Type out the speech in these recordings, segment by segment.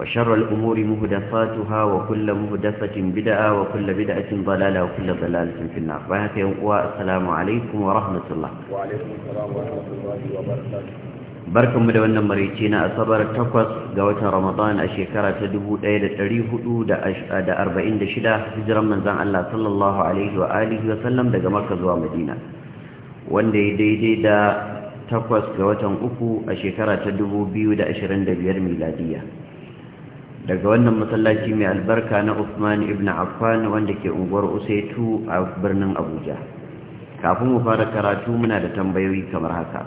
وشر الأمور مهدفاتها وكل مهدفة بدعة وكل بدعة ضلالة وكل ضلالة في النار والسلام عليكم ورحمة الله وعليكم السلام ورحمة الله وبركاته barkan mu da wannan maraice na asabar 8 ga watan ramadan a shekara ta 1446 hijiran manzon Allah sallallahu alaihi wa alihi wa sallam daga makka zuwa madina wanda ya daidai da 8 ga watan uku a shekara ta 2025 miladiya daga wannan masallaci mai albarka na Usman ibn Affan wanda ke unguwar Usaitu a birnin Abuja kafin mu fara karatu muna da tambayoyi kamar haka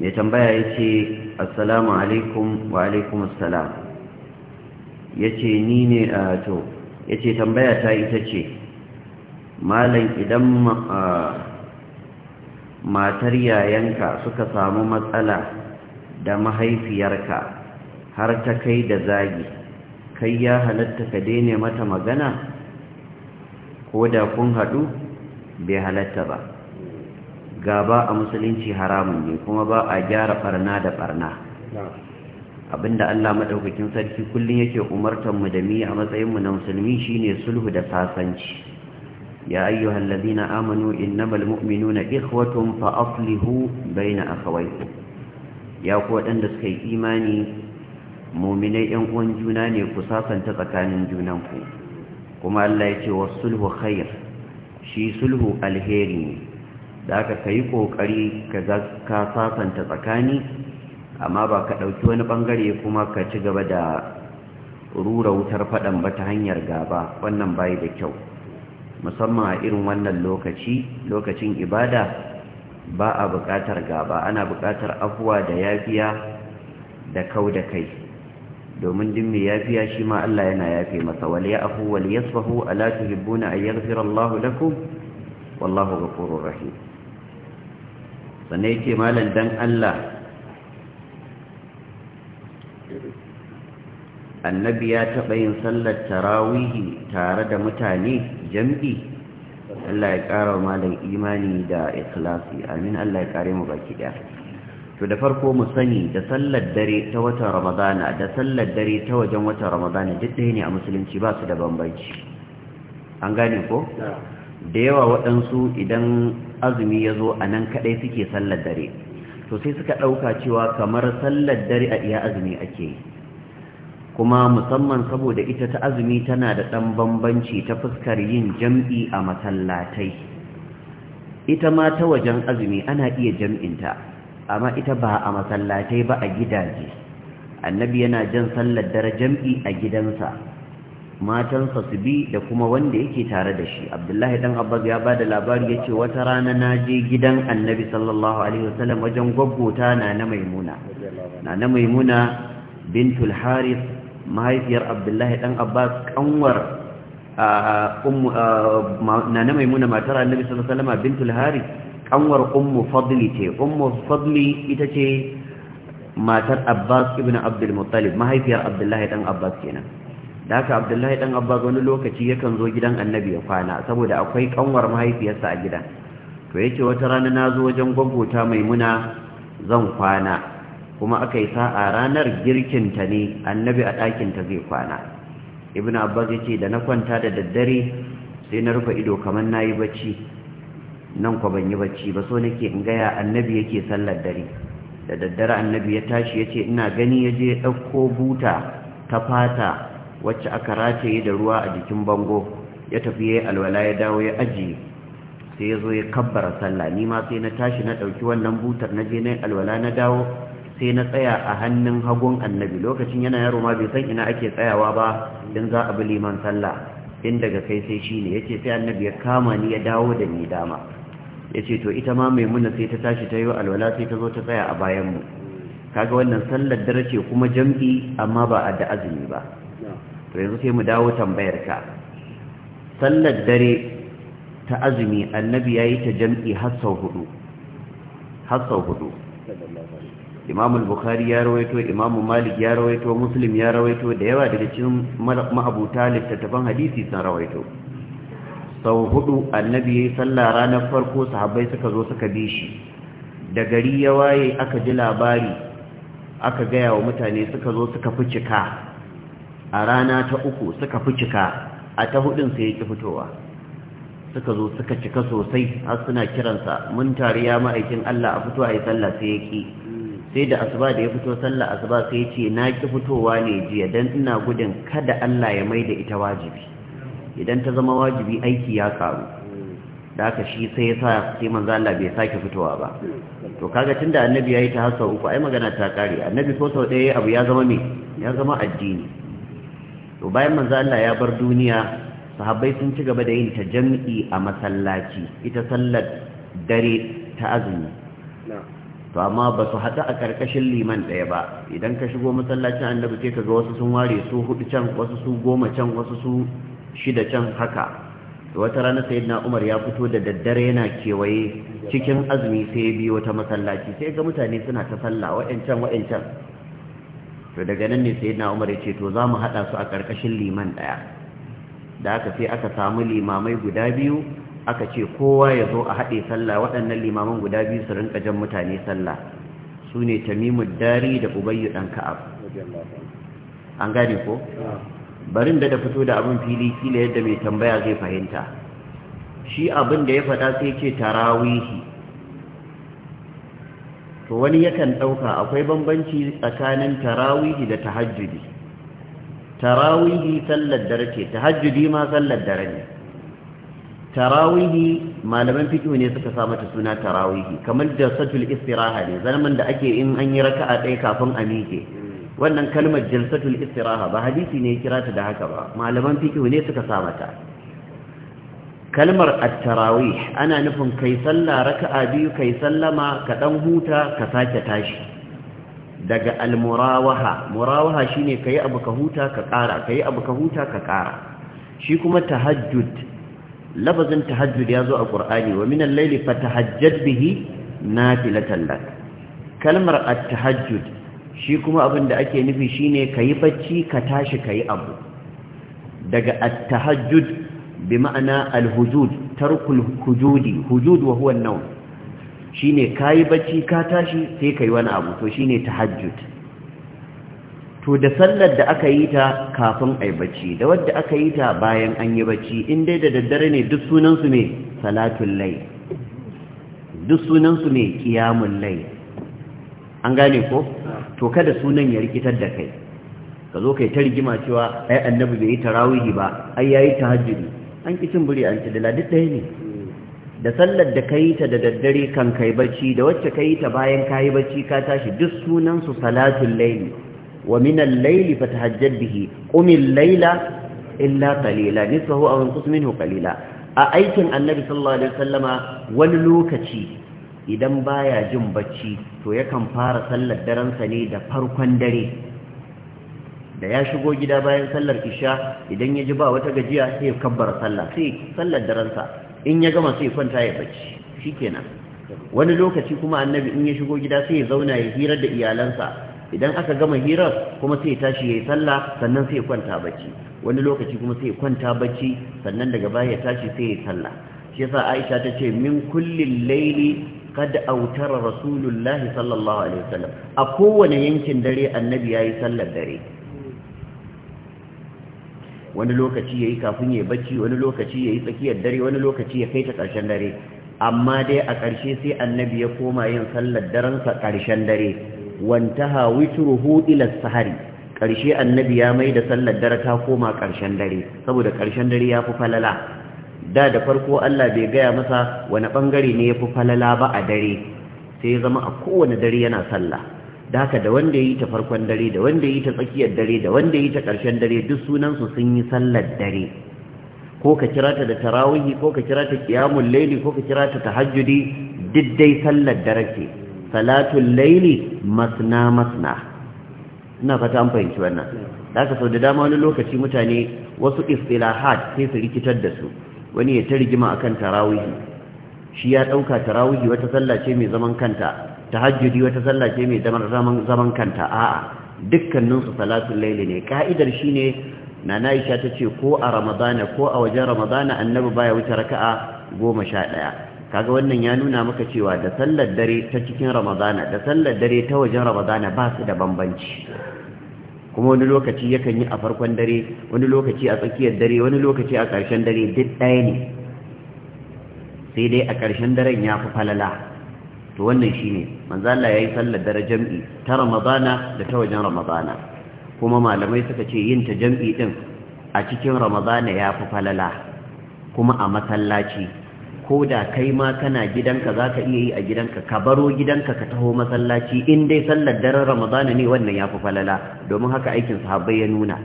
mai tambaya yace assalamu alaikum wa alaikum assalam yace ni ne to yace tambaya ta ita ce malam idan matar yayanka suka samu matsala da mahaifiyarka har ta kai da zagi kai ya halatta ka daina mata magana ko da kun haɗu bai halatta ba gaba a musulunci haramun ne kuma ba a gyara ɓarna da ɓarna. abinda Allah maɗaukakin sarki kullum yake umartar mu da mi a matsayinmu na musulmi shine sulhu da sasanci ya ayyuhal ladina amanu innamal mu'minuna ikhwatun fa aslihu baina akhawaykum ya ku waɗanda suka yi imani muminai yan uwan juna ne ku sasanta tsakanin junanku kuma Allah ya ce wa sulhu khair shi sulhu alheri ne da aka kai kokari ka zaka sasanta tsakani amma ba ka dauki wani bangare kuma ka ci gaba da rura wutar fadan ba ta hanyar gaba wannan bai da kyau musamman a irin wannan lokaci lokacin ibada ba a buƙatar gaba ana buƙatar afuwa da yafiya da kau da kai domin din mai yafiya shi ma Allah yana yafe masa wal ya'fu wal yasfahu ala tuhibbuna an yaghfira Allah lakum wallahu ghafurur rahim sannan yake malam dan Allah annabi ya taɓa yin sallar tarawihi tare da mutane jam'i Allah ya ƙara malam imani da ikhlasi amin Allah ya kare mu baki ɗaya to da farko mu sani da sallar dare ta watan ramadana da sallar dare ta wajen watan ramadana duk ɗaya ne a musulunci ba su da bambanci an gane ko da yawa waɗansu idan azumi ya zo a nan kaɗai suke sallar dare to sai suka ɗauka cewa kamar sallar dare a iya azumi ake yi kuma musamman saboda ita ta azumi tana da ɗan bambanci ta fuskar yin jam'i a masallatai ita ma ta wajen azumi ana iya jam'inta amma ita ba a masallatai ba a gidaje annabi yana jan sallar dare jam'i a gidansa matansa su bi da kuma wanda yake tare da shi abdullahi dan abbas ya ba da labari ya ce wata rana na je gidan annabi sallallahu alaihi wasallam wajen gwaggota na na maimuna na na maimuna bintul haris mahaifiyar abdullahi dan abbas kanwar na ah, ah, ah, na maimuna matar annabi sallallahu alaihi wasallam bintul haris kanwar ummu fadli ce ummu fadli ita ce matar abbas ibn abdul muttalib mahaifiyar abdullahi dan abbas kenan da haka abdullahi dan abbas wani lokaci yakan zo gidan annabi ya kwana saboda akwai kanwar mahaifiyarsa a gidan to yace wata rana na zo wajen gwaggota maimuna zan kwana kuma aka yi sa'a ranar girkin ta ne annabi a ɗakinta zai kwana ibn abbas ya da na kwanta da daddare sai na rufe ido kamar na yi bacci nan kwa ban yi bacci ba so nake in gaya annabi yake sallar dare da daddare annabi ya tashi ya ce ina gani ya je ɗauko buta ta fata wacce aka rataye da ruwa a jikin bango ya tafi ya alwala ya dawo ya aji sai ya zo ya kabbara sallah ni ma sai na tashi na ɗauki wannan butar na je na alwala na dawo sai na tsaya a hannun hagun annabi lokacin yana yaro ma bai san ina ake tsayawa ba in za a bi liman sallah in daga kai sai shine yace sai annabi ya kama ni ya dawo da ni dama ya ce to ita ma maimuna sai ta tashi ta yi alwala sai ta zo ta tsaya a bayanmu kaga wannan sallar dare ce kuma jam'i amma ba a da azumi ba to yanzu sai mu dawo tambayar ka sallar dare ta azumi annabi ya yi ta jam'i har sau hudu har hudu imam al-bukhari ya rawaito imam malik ya rawaito muslim ya rawaito da yawa daga cikin ma'abuta littattafan hadisi sun rawaito sau hudu annabi ya yi sallah ranar farko sahabbai suka zo suka bi shi da gari ya waye aka ji labari aka gaya wa mutane suka zo suka fi cika a rana ta uku suka fi cika a ta hudun sai ya ki fitowa suka zo suka cika sosai har suna kiransa mun tare ya ma'aikin Allah a fito a yi sallah sai ya ki sai da asuba da ya fito sallah asuba sai ya ce na ki fitowa ne jiya don ina gudun kada Allah ya mai da ita wajibi idan ta zama wajibi aiki ya karu da aka shi sai ya sa sai manzo Allah bai sake fitowa ba to kaga tunda annabi yayi ta hasa uku ai magana ta kare annabi ko sau ɗaya abu ya zama me ya zama addini to bayan manzo Allah ya bar duniya sahabbai sun ci gaba da yin ta jam'i a masallaci ita sallar dare ta azumi to amma ba su haɗu a karkashin liman ɗaya ba idan ka shigo masallacin annabi sai ka ga wasu sun ware su hudu can wasu su goma can wasu su Shi da can haka wata rana na Umar ya fito da daddare yana kewaye cikin azumi sai ya biyo ta masallaci sai ga mutane suna ta salla wa'yancan wa'yancan to daga nan ne na Umar ya ce to za mu haɗa su a ƙarƙashin liman ɗaya da aka sai aka samu limamai guda biyu aka ce kowa ya zo a haɗe sallah waɗannan limaman guda biyu su rinka jan mutane sallah su ne tamimu dari da ubayyu ɗan ka'ab an gane ko barin da da fito da abin fili kila yadda mai tambaya zai fahimta shi abin da ya faɗa sai ce tarawihi to wani yakan ɗauka akwai bambanci tsakanin tarawihi da tahajjudi tarawihi sallar dare ce tahajjudi ma sallar dare ne tarawihi malaman fiqh ne suka sa mata suna tarawihi kamar da satul istiraha ne zaman da ake in an yi raka'a ɗaya kafin a miƙe wannan kalmar jalsatul istiraha ba hadisi ne ya kira ta da haka ba malaman fiqh ne suka sa mata kalmar at-tarawih ana nufin kai sallah raka'a biyu kai sallama ka dan huta ka sake tashi daga al-murawaha murawaha shine kai abu ka huta ka kara kai abu ka huta ka kara shi kuma tahajjud lafazin tahajjud yazo a qur'ani wa min al-layli fatahajjad bihi nafilatan lak kalmar at-tahajjud shi kuma abin da ake nufi shi ne ka yi bacci ka tashi ka yi abu daga attahajjud bi ma'ana alhujud tarkul hujudi hujud wa huwa an-nawm shine ka yi bacci ka tashi sai ka wani abu to shine tahajjud to da sallar da aka yi ta kafin ai bacci da wanda aka yi ta bayan an yi bacci in dai da daddare ne duk sunan su ne salatul layl duk sunan su ne qiyamul layl an gane ko to kada sunan ya rikitar da kai ka zo kai ta rigima cewa ai annabi bai yi tarawihi ba ai yayi tahajjudi an ki cin buri an ci dala duk ɗaya ne da sallar da kai ta da daddare kan kai bacci da wacce kai ta bayan kayi bacci ka tashi duk sunan su salatul layli wa min al-layli fatahajjad bihi qum al-layla illa qalila nisfahu aw inqus minhu qalila a aikin annabi sallallahu alaihi wasallama wani lokaci idan baya jin bacci to yakan fara sallar daransa ne da farkon dare da ya shigo gida bayan sallar isha idan ya ji ba wata gajiya sai ya kabbara sallah sai sallar daransa in ya gama sai kwanta ya bacci shikenan wani lokaci kuma annabi in ya shigo gida sai ya zauna ya hirar da iyalansa idan aka gama hirar kuma sai ya tashi yayi sallah sannan sai ya kwanta bacci wani lokaci kuma sai ya kwanta bacci sannan daga baya ya tashi sai ya sallah shi yasa Aisha ta ce min kullil laili kada autara rasulullahi sallallahu alaihi wasallam a kowane yankin dare annabi yayi sallar dare wani lokaci yayi kafin yayi bacci wani lokaci yayi tsakiyar dare wani lokaci ya kai ta ƙarshen dare amma dai a ƙarshe sai annabi ya koma yin sallar daren sa ƙarshen dare wantaha witruhu ila sahari ƙarshe annabi ya mai da sallar dare ta koma ƙarshen dare saboda ƙarshen dare ya fi falala da da farko Allah bai gaya masa wani bangare ne yafi falala ba a dare sai ya zama a kowane dare yana sallah da haka da wanda yi ta farkon dare da wanda yi ta tsakiyar dare da wanda yi ta ƙarshen dare duk sunansu sun yi sallar dare ko ka kira ta da tarawihi ko ka kira ta qiyamul layli ko ka kira ta tahajjudi duk dai sallar dare ce salatul layli masna masna ina fata an fahimci wannan da haka sau da dama wani lokaci mutane wasu istilahat sai su rikitar da su wani ya ta rigima akan tarawihi shi ya ɗauka tarawihi wata sallah ce mai zaman kanta tahajjudi wata sallah ce mai zaman kanta a'a dukkaninsu salatul layli ne ka'idar shine nana Aisha ce ko a Ramadana ko a wajen Ramadana annabi baya wuce raka'a 11 kaga wannan ya nuna maka cewa da sallar dare ta cikin ramadana da sallar dare ta wajen ramadana ba su da bambanci kuma wani lokaci yakan yi a farkon dare wani lokaci a tsakiyar dare wani lokaci a ƙarshen dare duk ɗaya ne sai dai a ƙarshen daren ya fi falala to wannan shi ne manzala ya yi sallar dare jam'i ta ramadana da ta wajen ramadana kuma malamai suka ce yin ta jam'i ɗin a cikin ramadana ya fi falala kuma a masallaci ko da kai ma kana gidanka za ka iya yi a gidanka ka baro gidanka ka taho masallaci in dai sallar daren ramadana ne wannan ya fi falala domin haka aikin sahabbai ya nuna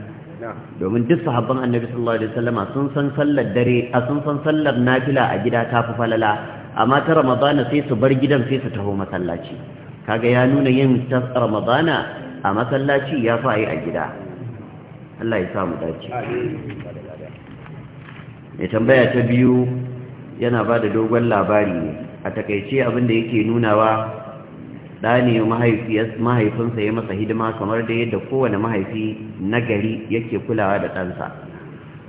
domin duk sahabban annabi sallallahu alaihi wasallam sun san sallar dare a sun san sallar nafila a gida ta fi falala amma ta ramadana sai su bar gidan sai su taho masallaci kaga ya nuna yin ta ramadana a masallaci ya yi a gida Allah ya sa mu dace. Mai tambaya ta biyu yana ba da dogon labari ne a takaice abin da yake nunawa da ne mahaifinsa ya masa hidima kamar da yadda kowane mahaifi nagari yake kulawa da ɗansa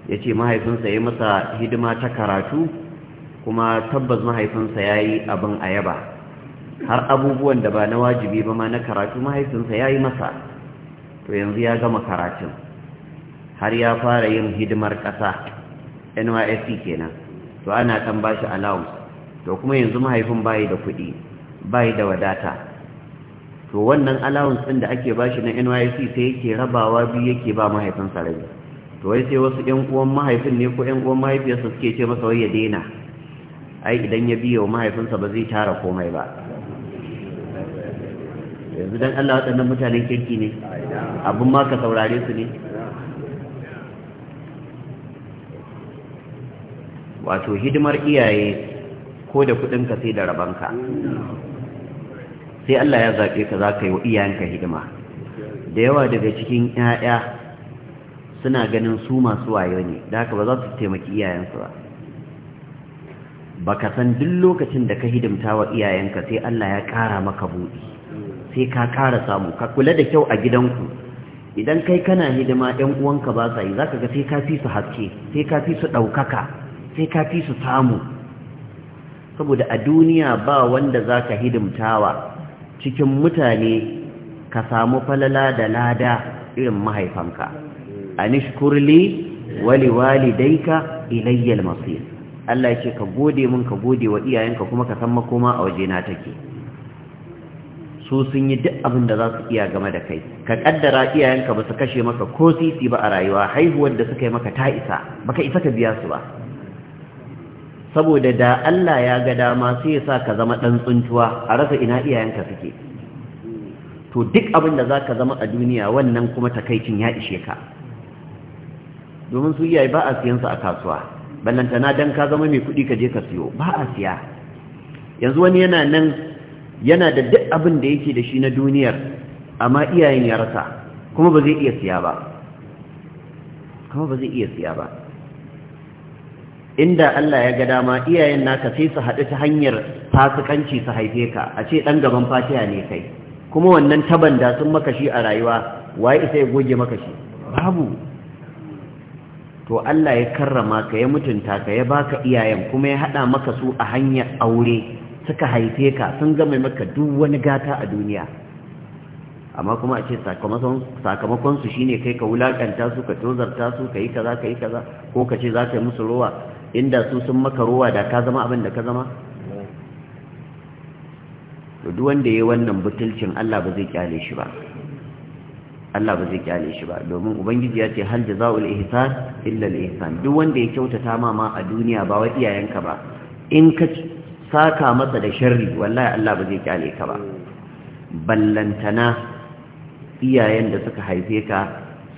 ya ce mahaifinsa ya masa hidima ta karatu kuma tabbas mahaifinsa ya yi abin a yaba har abubuwan da ba na wajibi ba ma na karatu mahaifinsa ya yi masa to yanzu ya gama karatun har ya fara yin hidimar ƙasa nysc kenan to ana ɗan ba shi allowance to kuma yanzu mahaifin bayi da kuɗi bayi da wadata to wannan allowance ɗin da ake ba shi na NYC sai yake rabawa biyu yake ba mahaifin sarari to wai sai wasu ɗan uwan mahaifin ne ko ɗan uwan mahaifiyarsa suke ce masa wai ya daina ai idan ya biya wa mahaifinsa ba zai tara komai ba yanzu dan Allah waɗannan mutanen kirki ne abin ma ka saurare su ne wato hidimar iyaye ko da kudinka sai da rabanka sai Allah ya zaɓe ka za ka yi wa iyayenka hidima da yawa daga cikin 'ya'ya suna ganin su masu wayo ne da haka ba za su taimaki iyayensu ba Ba ka san duk lokacin da ka hidimta wa iyayenka sai Allah ya ƙara maka buɗi sai ka ƙara samu ka kula da kyau a gidanku idan kai kana hidima 'yan uwanka ba sa yi za ka ga sai ka fi su haske sai ka fi su ɗaukaka sai ka fi su samu saboda a duniya ba wanda za ka hidimtawa cikin mutane ka samu falala da lada irin mahaifanka a nishkurli wali walidaika masu masir Allah ya ce ka gode min ka gode wa iyayenka kuma ka san makoma a wajena take su sun yi duk abin da za su iya game da kai ka kaddara iyayenka ba su kashe maka ko sisi ba a rayuwa haihuwar da suka yi maka ta isa baka isa ka biya su ba saboda da Allah ya ga dama sai ya sa ka zama ɗan tsuntuwa a rasa ina iyayenka suke to duk abin da za ka zama a duniya wannan kuma takaicin ya ishe ka domin su iyaye ba a siyansu a kasuwa ballantana don ka zama mai kuɗi ka je ka siyo ba a siya yanzu wani yana nan yana da duk abin da yake da shi na duniyar amma iyayen ya rasa kuma ba zai iya siya ba kuma ba zai iya siya ba inda Allah ya ga dama iyayen naka sai su haɗu ta hanyar fasikanci su haife ka a ce ɗan gaban Fatiya ne kai kuma wannan taban da sun maka shi a rayuwa waye isa ya goge maka shi babu to Allah ya karrama ka ya mutunta ka ya baka iyayen kuma ya haɗa maka su a hanyar aure suka haife ka sun gama maka duk wani gata a duniya amma kuma a ce sakamakonsu shi ne kai ka wulakanta su ka tozarta su ka yi kaza ka yi kaza ko ka ce za ka yi musu rowa inda su sun maka ruwa da ka zama abin da ka zama to duk wanda yayi wannan butulcin Allah ba zai kyale shi ba Allah ba zai kyale shi ba domin ubangiji ya ce hal jazaul ihsan illa al ihsan duk wanda ya kyautata ma ma a duniya ba wa iyayenka ba in ka saka masa da sharri wallahi Allah ba zai kyale ka ba ballantana iyayen da suka haife ka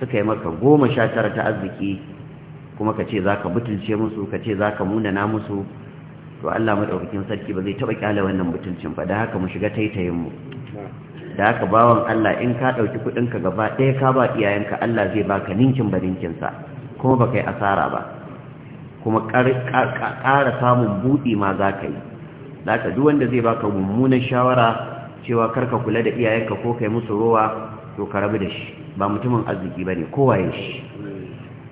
suka yi maka goma sha tara ta arziki kuma ka ce za ka mutunce musu ka ce za ka munana musu to Allah maɗaukakin sarki ba zai taɓa ƙyale wannan mutuncin ba da haka mu shiga taitayinmu da haka bawan Allah in ka ɗauki kuɗinka gaba ɗaya ka ba iyayenka Allah zai baka ninkin ba ninkinsa kuma ba yi asara ba kuma ƙara samun buɗi ma za ka yi da haka duk wanda zai baka mummunan shawara cewa kar ka kula da iyayenka ko kai musu rowa to ka rabu da shi ba mutumin arziki ba ne kowaye shi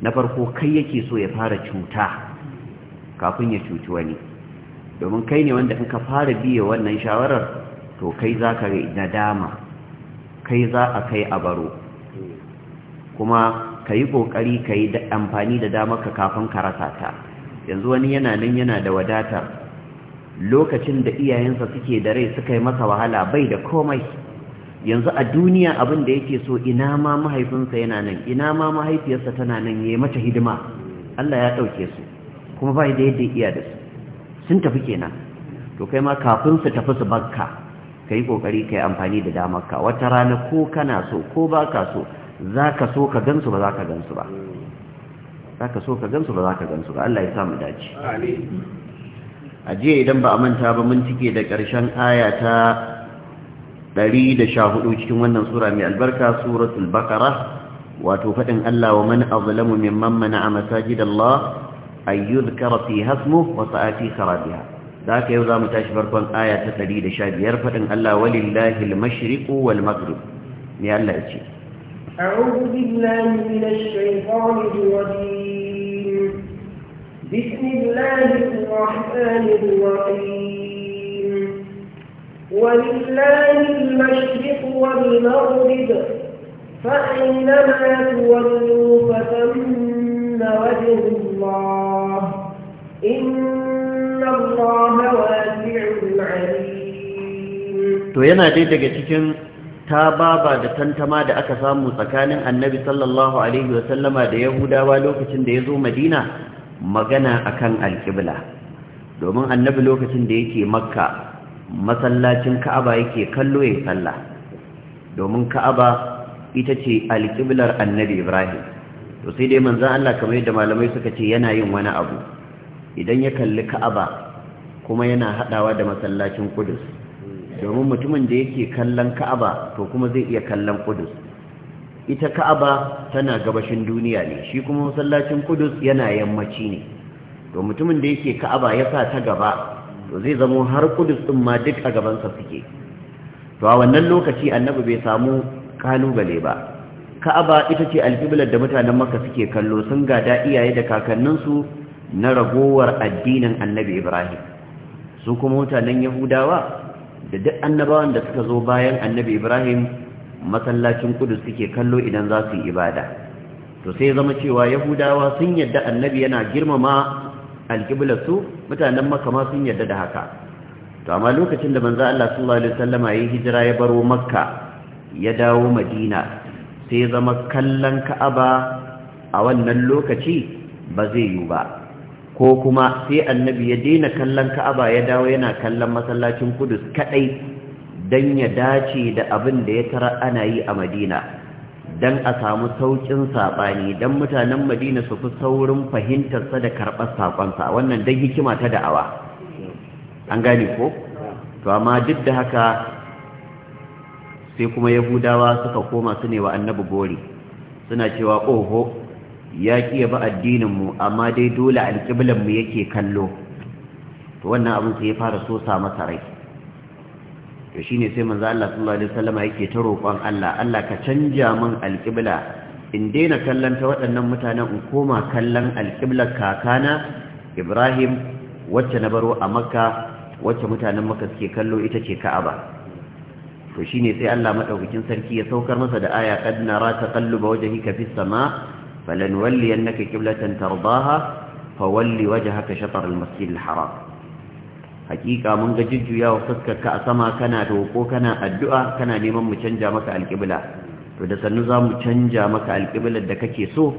na farko kai yake so ya fara cuta kafin ya cuci wani domin kai ne wanda in ka fara biya wannan shawarar to kai za ka nadama kai za a kai a baro kuma ka yi ƙoƙari ka yi amfani da damar ka kafin ka rasa ta yanzu wani yana nan yana da wadatar lokacin da iyayensa suke da rai suka yi masa wahala bai da komai yanzu a duniya abin da yake so ina ma mahaifinsa yana nan ina ma mahaifiyarsa tana nan yi mata hidima Allah ya ɗauke su kuma ba da yadda iya da su sun tafi kenan to kai ma kafin su tafi su bakka kai kokari kai amfani da damarka wata rana ko kana so ko baka so za ka so ka gansu ba za ka gansu ba Za ka so ka gansu ba za ka gansu ba Allah ya sa mu dace a jiya idan ba a manta ba mun cike da ƙarshen aya ta ɗari da sha hudu cikin wannan sura mai albarka suratul bakara wato faɗin Allah wa man azlamu mimman mana'a masajidallah ay yuzkara fi hasmu wa sa'ati kharabiha da haka yau zamu tashi farkon aya ta 115 faɗin Allah walillahi al-mashriq wal maghrib ne Allah yace أعوذ بالله من الشيطان الرجيم بسم الله الرحمن الرحيم ولله المشرق والمغرب فأينما تولوا فثم وجه الله إن الله واسع عليم to yana dai daga cikin ta-ba- tababa da tantama da aka samu tsakanin annabi sallallahu alaihi wasallama da yahudawa lokacin da ya zo madina magana akan alƙibla domin annabi lokacin da yake makka masallacin ka'aba yake kallo ya sallah domin ka'aba ita ce alƙiblar annabi ibrahim to sai dai manzan Allah kamar yadda malamai suka ce yana yin wani abu idan ya kalli ka'aba kuma yana haɗawa da masallacin kudus domin mutumin da yake kallon ka'aba to kuma zai iya kallon kudus ita ka'aba tana gabashin duniya ne shi kuma masallacin kudus yana yammaci ne to mutumin da yake ka'aba ya sa ta gaba to zai zamo har kudus din ma duk a gabansa suke to a wannan lokaci annabi bai samu kalubale ba ka'aba ita ce alfiblar da mutanen makka suke kallo sun gada iyaye da kakanninsu na ragowar addinin annabi ibrahim su kuma mutanen yahudawa da duk annabawan da suka zo bayan annabi ibrahim masallacin kudus suke kallo idan za su yi ibada to sai zama cewa yahudawa sun yadda annabi yana girmama alƙiblar mutanen makka ma sun yarda da haka to amma lokacin da manzo Allah sallallahu alaihi wasallama yayin hijira ya baro makka ya dawo madina sai zama kallon ka'aba a wannan lokaci ba zai yi ba ko kuma sai annabi ya daina kallon ka'aba ya dawo yana kallon masallacin kudus kadai dan ya dace da abin da ya tara ana yi a madina don a samu saukin saɓani don mutanen madina su fi saurin fahimtarsa da karɓar saƙonsa wannan don hikima ta da'awa an gane ko? to amma duk da haka sai kuma yahudawa suka koma su ne wa annabi gori suna cewa oho ya ƙiya ba mu amma dai dole mu yake kallo to wannan abin sai ya fara so sa masa rai to shine sai manzo Allah sallallahu alaihi wasallam yake ta roƙon Allah Allah ka canja min alƙibla in daina kallon ta waɗannan mutanen in koma kallon alƙiblar kakana Ibrahim wacce na baro a Makka wacce mutanen Makka suke kallo ita ce Ka'aba to shine sai Allah madaukakin sarki ya saukar masa da aya qad nara taqalluba wajhika fis sama falanwalliyannaka qiblatan tardaha fawalli wajhaka shatr al-masjid al-haram hakika mun ga jujjuyawa fuskarka a sama kana ko kana addu'a kana neman mu canja maka alƙibla to da sannu za mu canja maka alƙiblar da kake so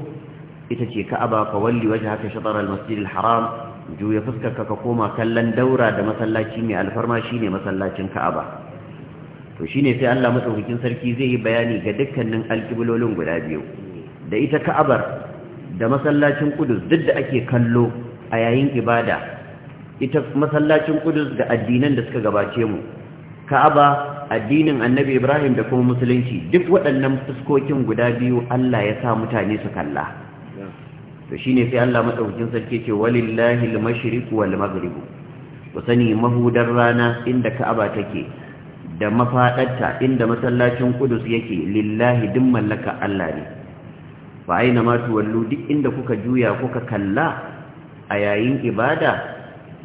ita ce ka'aba ka walli waje haka al-masjid al-haram juya fuskarka ka koma kallon daura da masallaci mai alfarma shine masallacin ka'aba to shine sai Allah madaukakin sarki zai yi bayani ga dukkanin alƙiblolin guda biyu da ita ka'abar da masallacin kudus duk da ake kallo a yayin ibada ita masallacin Kudus da addinan da suka gabace mu Ka'aba addinin Annabi Ibrahim da kuma musulunci duk waɗannan fuskokin guda biyu Allah ya sa mutane su kalla to shine sai Allah madaukakin sarki ce walillahi al-mashriq wal maghrib ku sani mahudar rana inda Ka'aba take da mafadarta inda masallacin Qudus yake lillahi din mallaka Allah ne fa aina ma tuwallu duk inda kuka juya kuka kalla a yayin ibada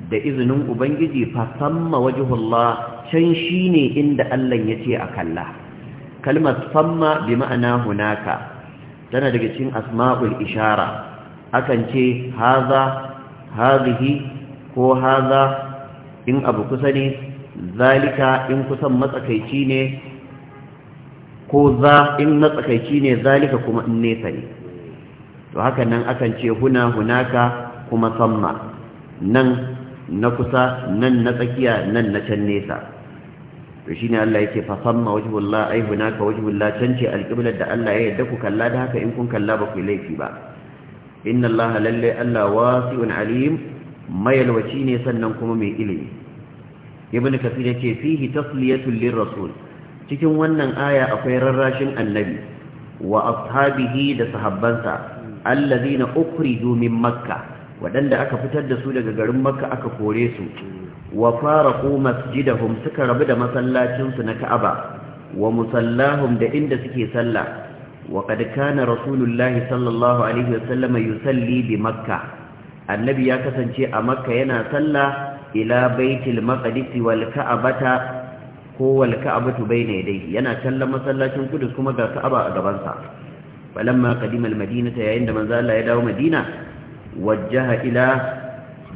da izinin ubangiji fa samma wajhullah can shine inda Allah yace a kalla kalmar samma bi ma'ana hunaka tana daga cikin asma'ul ishara akan ce haza hadhihi ko haza in abu kusa ne zalika in kusan matsakaici ne ko za in matsakaici ne zalika kuma in nesa ne to haka nan akan ce huna hunaka kuma samma nan na kusa nan na tsakiya nan na can nesa to Allah yake fa famma wajhullah ai hunaka wajhullah can ce alqiblar da Allah ya yadda ku kalla da haka in kun kalla ba ku laifi ba inna Allah lalle Allah wasi'un alim mayalwaci ne sannan kuma mai ilimi ibn kasir yake fihi tasliyatun lirrasul cikin wannan aya akwai rarrashin annabi wa ashabihi da sahabbansa zina ukhriju min makkah waɗanda aka fitar da su daga garin makka aka kore su wa ko masjidahum suka rabu da masallacinsu na ka'aba wa musallahum da inda suke sallah wa qad kana rasulullahi sallallahu alaihi wasallam yusalli bi makka annabi ya kasance a makka yana sallah ila baitil maqdis wal ka'abata ko wal ka'abatu bayna yadayhi yana kallon masallacin kudus kuma ga ka'aba a gaban sa falamma qadima al madinata yayin da manzo Allah ya dawo madina wajjaha ila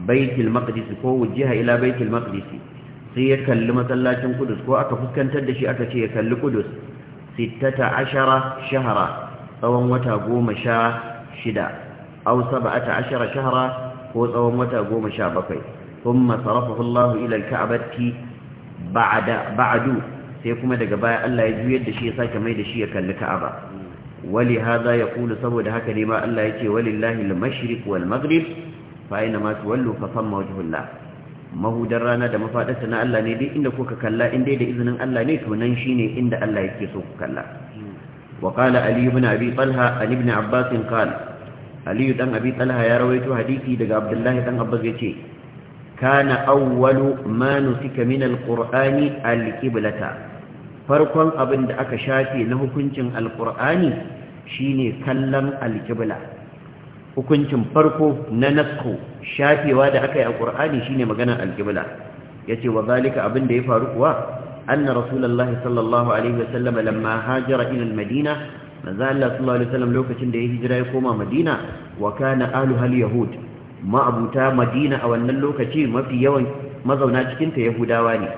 baitul maqdis ko wajjaha ila baitul maqdis sai ya kalli masallacin Qudus ko aka fuskantar da shi aka ce ya kalli Qudus 16 shahara tsawon wata 16 aw 17 shahara ko tsawon wata goma sha sarafahu Allah ila al-Ka'bati ba'da ba'du sai kuma daga baya Allah ya juyar da shi ya sake mai da shi ya kalli Ka'aba wali ya yaqulu saboda haka ne ma Allah yake walillahi al-mashriq wal maghrib fa aina ma tuwallu fa thamma wajhullah mahudar rana da mafadarta na Allah ne dai inda kuka kalla inda da izinin Allah ne to nan shine inda Allah yake so ku kalla wa qala ali ibn abi talha an ibn abbas qala ali dan abi talha ya rawaito hadisi daga abdullahi dan abbas yace kana awwalu ma nusika min al-qur'ani al-qiblata farkon abin da aka shafe na hukuncin alkur'ani shine kallon alkibla hukuncin farko na nasko shafewa da aka yi a ƙur'ani shine maganar alkibla ya ce wa zalika abin da ya faru kuwa anna Rasulallah sallallahu alaihi wasallama lamma hajara ilal madina manzo Allah sallallahu alaihi wasallam lokacin da ya hijira ya koma madina wa kana ahlu hal yahud ma'abuta madina a wannan lokaci mafi yawan mazauna cikin ta yahudawa ne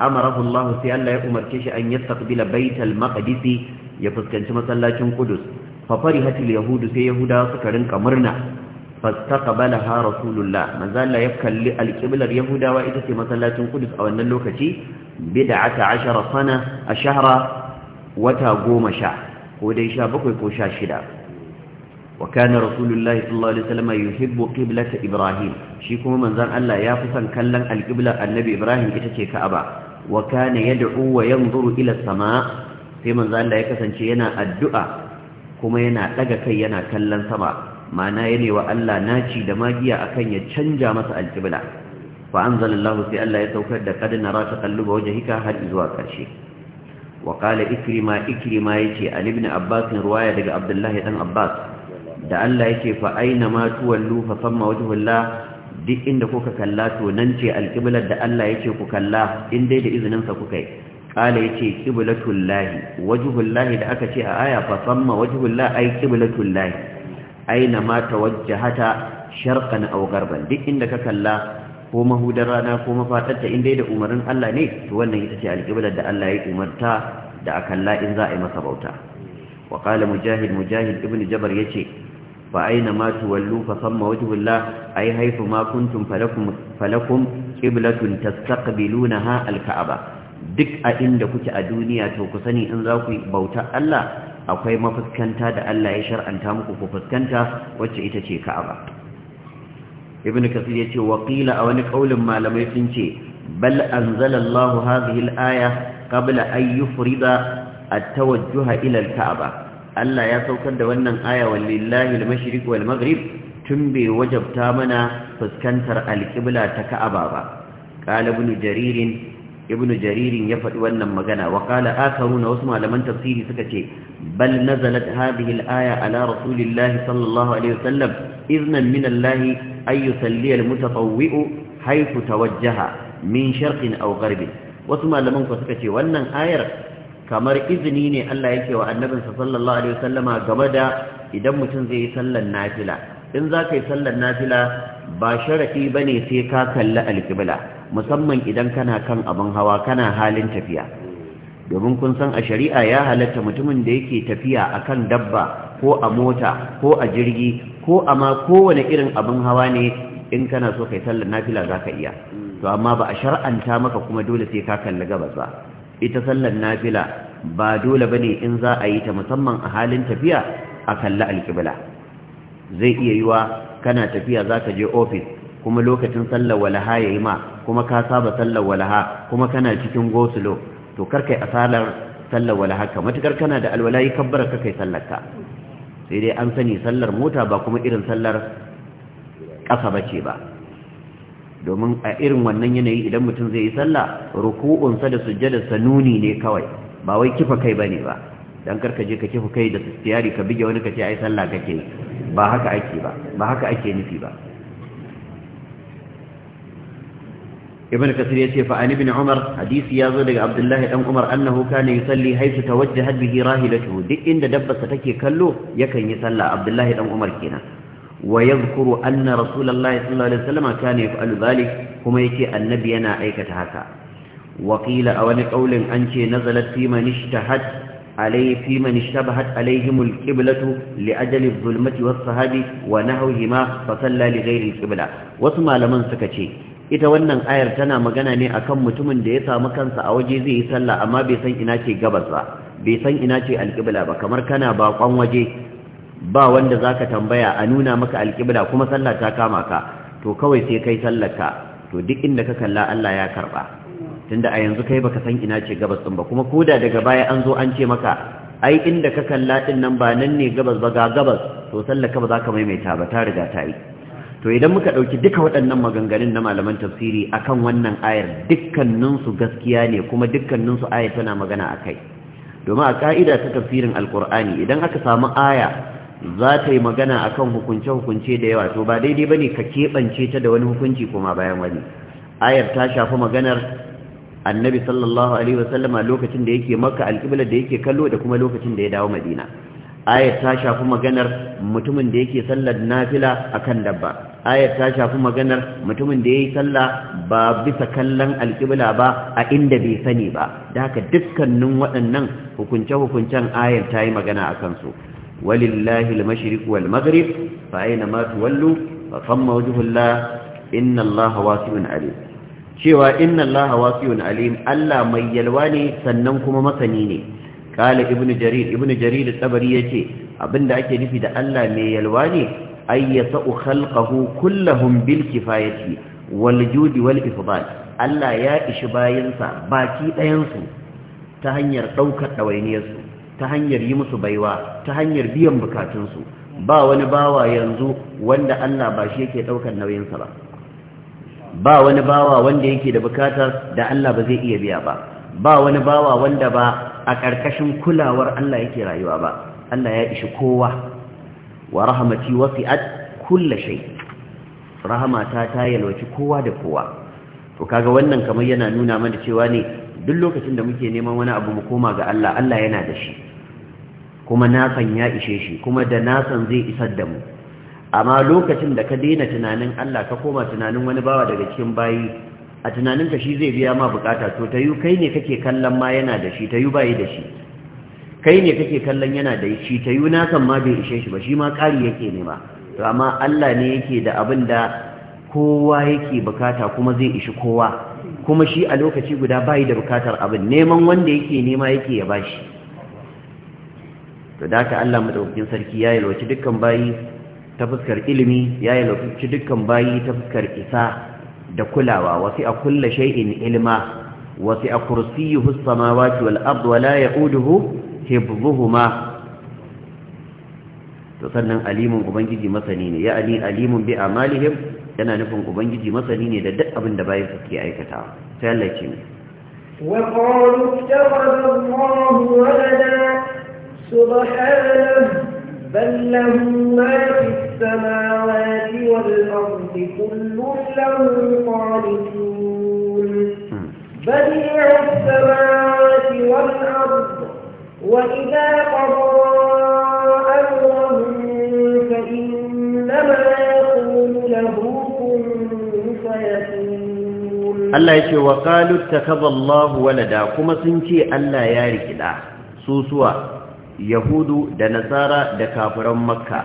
amarahu Allah sai Allah ya umarce shi an yastaqbila baital maqdis ya fuskanci masallacin Qudus fa farihatil yahudu sai yahuda suka rinka murna fastaqbalaha rasulullah manzo Allah ya kalli alqiblar yahudawa ita ce masallacin Qudus a wannan lokaci bid'ata 10 sana a shahra wata goma sha ko dai sha bakwai ko sha shida وكان رسول الله صلى الله عليه ibrahim shi kuma إبراهيم allah ya fi son kallon كلا annabi ibrahim ita ce ka'aba. wa kana yad'u wa yanzuru ila samaa sai manzo Allah ya kasance yana addu'a kuma yana daga kai yana kallon sama ma'ana yane wa Allah naci da magiya akan ya canja masa al-qibla fa anzalallahu sai Allah ya saukar da qad nara taqalluba wajhika har zuwa karshe wa qala ikrima ikrima yace an ibn abbas riwaya daga abdullahi dan abbas da Allah yake fa aina ma tuwallu fa samma wajhullah duk inda kuka kalla to nan ce alƙiblar da Allah yace ku kalla in dai da izinin sa kuka yi kala yace qiblatul lahi da aka ce a aya fa samma wajhul lahi ay qiblatul lahi aina ma tawajjahata sharqan aw garban duk inda ka kalla ko mahudar rana ko mafadarta in dai da umarin Allah ne to wannan ita ce alƙiblar da Allah ya umarta da a kalla in za a yi masa bauta wa qala mujahid mujahid ibnu jabar yace فأين ما تولوا فثم وجه الله أي حيث ما كنتم فلكم, فلكم قبلة تستقبلونها الكعبة duk a inda kuke a duniya to ku sani in za ku bauta Allah akwai mafuskanta da Allah ya shar'anta muku ku fuskanta wacce ita ce Ka'aba Ibn kasir ya ce wa qila a wani kaulin malamai sun ce bal anzala Allah hadhihi al-aya qabla an yufrida at-tawajjuh ila al-Ka'aba Allah ya saukar da wannan aya wallahi al-mashriq wal maghrib tun bai wajabta mana fuskantar alqibla ta Ka'aba ba qala ibn jarir ibn jarir ya faɗi wannan magana wa qala akharuna wasu malaman tafsiri suka ce bal nazalat hadhihi al-aya ala rasulillahi sallallahu alaihi wasallam iznan min Allah ay yusalli al-mutatawwi'u haythu tawajjaha min sharqin aw gharbin wasu malaman ku suka ce wannan ayar kamar izini ne Allah yake wa annabinsa sallallahu alaihi wasallama game da idan mutum zai yi sallan nafila in za ka yi sallan nafila ba sharafi ba ne sai ka kalli alƙibla musamman idan kana kan abin hawa kana halin tafiya domin kun san a shari'a ya halatta mutumin da yake tafiya a kan dabba ko a mota ko a jirgi ko a ma kowane irin abin hawa ne in kana so yi sallan nafila za ka iya to amma ba a shar'anta maka kuma dole sai ka kalli gabas ba ita sallar nafila ba dole bane in za a yi ta musamman a halin tafiya a kalla alƙibla zai iya yiwa kana tafiya za ka je ofis kuma lokacin sallar walaha ya yi ma kuma ka saba sallar walaha kuma kana cikin gosulo to karkai asalar sallar walaha ka matukar kana da alwala yi kabbara ka kai sallar ka sai dai an sani sallar mota ba kuma irin sallar ƙasa ce ba domin a irin wannan yanayi idan mutum zai yi sallah ruku'unsa da sujjadarsa nuni ne kawai ba wai kifa kai bane ba dan karka je ka kifa kai da tsiyari ka bige wani ka ce ai sallah kake ba haka ake ba ba haka ake nufi ba ibn kasir ya ce fa an ibn umar hadisi ya zo daga abdullahi dan umar annahu kana yusalli haythu tawajjahat bihi rahilatuhu duk inda dabbarsa take kallo yakan yi sallah abdullahi dan umar kenan ويذكر أن رسول الله صلى الله عليه وسلم كان يفعل ذلك كما يكي النبي أنا أيكة هكا وقيل أول قول أنشي نزلت في من اشتهت عليه في من اشتبهت عليهم القبلة لأجل الظلمة والصهاد ونهوهما فصلى لغير القبلة وثم لمن سكتشي ita wannan ayar tana magana ne akan mutumin da ya samu kansa a waje zai yi sallah amma bai san ina ce gabas ba bai san ina ce alƙibla ba kamar kana bakon waje ba wanda zaka tambaya a nuna maka alƙibla kuma sallah ta kama ka to kawai sai kai sallar ka to duk inda ka kalla Allah ya karba tunda a yanzu kai baka san ina ce gabas din ba kuma koda daga baya an zo an ce maka ai inda ka kalla din nan ba nan ne gabas ba ga gabas to sallar ba za ka maimaita ba ta riga ta yi to idan muka ɗauki duka waɗannan maganganun na malaman tafsiri akan wannan ayar dukkanin gaskiya ne kuma dukkanin ayar tana magana a kai. domin a ka'ida ta tafsirin alqur'ani idan aka samu aya za ta yi magana akan hukunce-hukunce da yawa to ba daidai ba ne ka keɓance ta da wani hukunci kuma bayan wani ayar ta shafi maganar annabi sallallahu alaihi wasallama lokacin da yake maka alƙiblar da yake kallo da kuma lokacin da ya dawo madina ayar ta shafi maganar mutumin da yake sallar nafila a kan dabba ayar ta shafi maganar mutumin da ya yi sallah ba bisa kallon alƙibla ba a inda bai sani ba da haka dukkanin waɗannan hukunce-hukuncen ayar ta yi magana a kansu. walillahi al-mashriq wal maghrib fa aina ma tuwallu fa thamma wajhu Allah inna cewa inna Allah wasi'un alim Allah mai yalwa ne sannan kuma masani ne kala Ibn jarir ibnu jarir tabari yace abinda ake nufi da Allah mai yalwa ne ayyasa khalqahu kullahum bil kifayati wal judi wal ifdal Allah ya ishi bayansa baki ɗayansu ta hanyar ɗaukar ɗawainiyarsu ta hanyar yi musu baiwa ta hanyar biyan bukatunsu ba wani bawa yanzu wanda Allah ba shi yake ɗaukar nauyinsa ba ba wani bawa wanda yake da bukatar da Allah ba zai iya biya ba ba wani bawa wanda ba a ƙarƙashin kulawar Allah yake rayuwa ba Allah ya ishi kowa wa rahmati wasi'at kulli shay rahamata ta yalwaci kowa da kowa to kaga wannan kamar yana nuna mana cewa ne duk lokacin da muke neman wani abu mu koma ga Allah Allah yana da shi kuma nasan ya ishe shi kuma da nasan zai isar da mu amma lokacin da ka daina tunanin Allah ka koma tunanin wani bawa daga cikin bayi a tunaninka shi zai biya ma bukata to ta yi kai ne kake kallon ma yana da shi ta yi bayi da shi kai ne kake kallon yana da shi ta yi nasan ma bai ishe shi ba shi ma ƙari yake nema to amma Allah ne yake da abin da kowa yake bukata kuma zai ishi kowa kuma shi a lokaci guda bayi da bukatar abin neman wanda yake nema yake ya bashi to da haka Allah madaukakin sarki ya yalwaci dukkan bayi ta fuskar ilimi ya yalwaci dukkan bayi ta fuskar isa da kulawa wasi a kulla shay'in ilma wasi a kursiyyuhu samawati wal ard wa la ya'uduhu hibzuhuma to sannan alimun ubangiji masani ne ya ali alimun bi amalihim yana nufin ubangiji masani ne da duk abin da bayan suke aikata sai Allah ya ce wa qalu ittakhadha Allahu walada سبحانه بل له ما في السماوات والأرض كل له قانتون بديع السماوات والأرض وإذا قضى أمرا فإنما يقول له كن فيكون الله يقول وقالوا اتخذ الله ولدا كما سنشي ألا يارك لا سوسوا yahudu da nasara da kafiran makka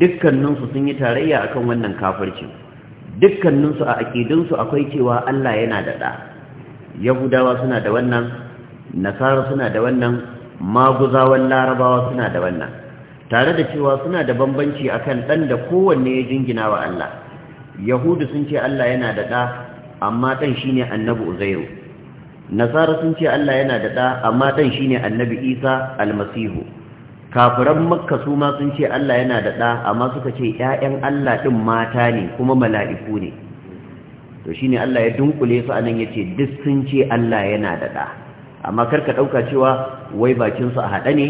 dukkaninsu sun yi tarayya akan wannan kafirci dukkaninsu a aƙidinsu akwai cewa Allah yana da ɗa yahudawa suna da wannan nasara suna da wannan maguzawan larabawa suna da wannan tare da cewa suna da bambanci akan ɗan da kowanne ya jingina wa Allah yahudu sun ce Allah yana da ɗa amma ɗan shine annabi uzairu nasara sun ce Allah yana da ɗa amma ɗan shine annabi isa almasihu kafiran makka su ma sun ce Allah yana da ɗa amma suka ce ‘ya'yan Allah ɗin mata ne kuma mala'iku ne to shine Allah ya dunkule su anan ya ce duk sun ce Allah yana da ɗa amma karka ɗauka cewa wai bakinsu a haɗa ne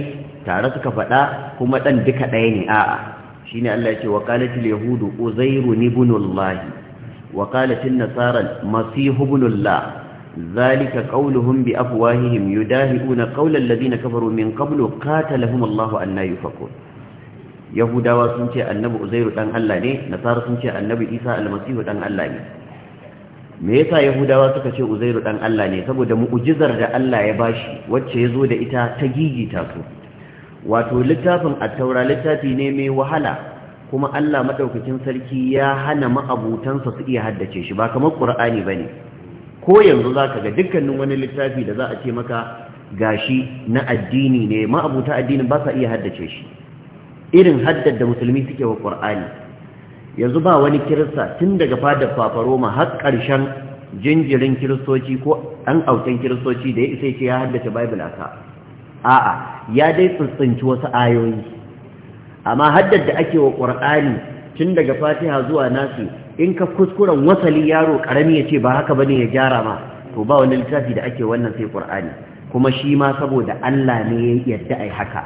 tare suka faɗa kuma ɗan duka ɗaya ne a'a shine Allah ya ce wa qalatil yahudu uzairu ibnullahi wa Nasarar nasara masih ibnullah ذلك قولهم بأفواههم يداهئون قول الذين كفروا من قبل قاتلهم الله أن يفكون annabi سنتي النبي أزير دان الله ني نصارى سنتي النبي عيسى المسيح دان الله ني me yasa yahudawa suka ce uzairu dan Allah ne saboda mu'ujizar da Allah ya bashi wacce yazo da ita ta gigita su wato littafin at-taura littafi ne mai wahala kuma Allah madaukakin sarki ya hana ma'abutansa su iya haddace shi ba kamar qur'ani bane ko yanzu za ka ga dukkanin wani littafi da za a ce maka gashi na addini ne ma'abuta addinin ba sa iya haddace shi irin haddada musulmi suke wa ƙwar'ani yanzu ba wani kirista tun daga fadar fafaroma har ƙarshen jinjirin kiristoci ko an auken kiristoci da ya isa ce ya haddace bible ka? a'a ya dai tsintsinci wasu ayoyi amma haddada ake wa ƙwar'ani tun daga fatiha zuwa nasu. in ka kuskuren wasali yaro karami ya ce ba haka bane ya gyara ma to ba wani littafi da ake wannan sai qur'ani kuma shi ma saboda Allah ne ya yarda ai haka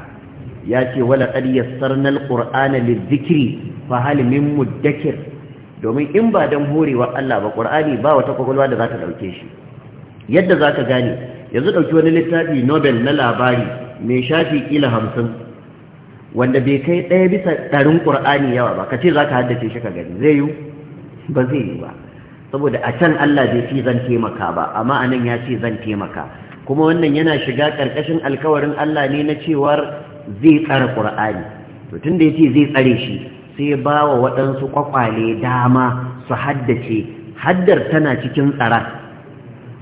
ya ce wala qad yassarna alqur'ana lidhikri fa hal min muddakir domin in ba dan horewa Allah ba qur'ani ba wata kwakwalwa da za ta dauke shi yadda za ka gane yanzu dauki wani littafi nobel na labari mai shafi kila hamsin wanda bai kai ɗaya bisa ɗarin ƙur'ani yawa ba ka ce za ka haddace shi ka gani zai yiwu ba zai yi ba saboda a can Allah zai fi zan taimaka ba amma anan ya ce zan taimaka kuma wannan yana shiga karkashin alkawarin Allah ne na cewar zai tsara Qur'ani to tunda ce zai tsare shi sai ba wa waɗansu kwakwale dama su haddace haddar tana cikin tsara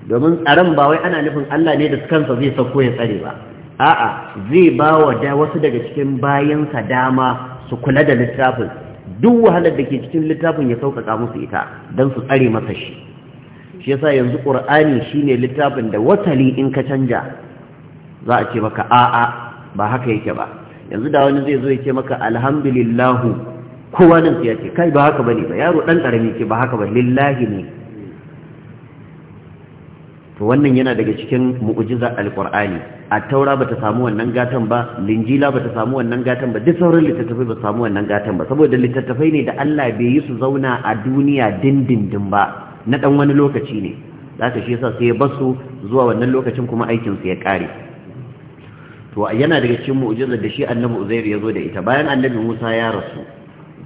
domin tsaron ba wai ana nufin Allah ne da kansa zai sauko ya tsare ba a'a zai ba wa wasu daga cikin bayansa dama su kula da littafin duk wahalar da ke cikin littafin ya sauƙaƙa musu ita don su tsare masa shi shi yasa yanzu ƙur'ani shine littafin da watali in ka canja za a ce maka a'a ba haka yake ba yanzu da wani zai zo ya ce maka alhamdulillahu kowa nan ya ce kai ba haka bane ba yaro dan karami ce ba haka ba lillahi ne to wannan yana daga cikin mu'jiza alqur'ani a taura bata samu wannan gatan ba linjila bata samu wannan gatan ba duk sauran littattafai ba samu wannan gatan ba saboda littattafai ne da Allah bai yi su zauna a duniya dindindin ba na dan wani lokaci ne zaka shi yasa sai ya basu zuwa wannan lokacin kuma aikin su ya kare to yana daga cikin mu'jizar da shi annabi Uzair ya zo da ita bayan annabi Musa ya rasu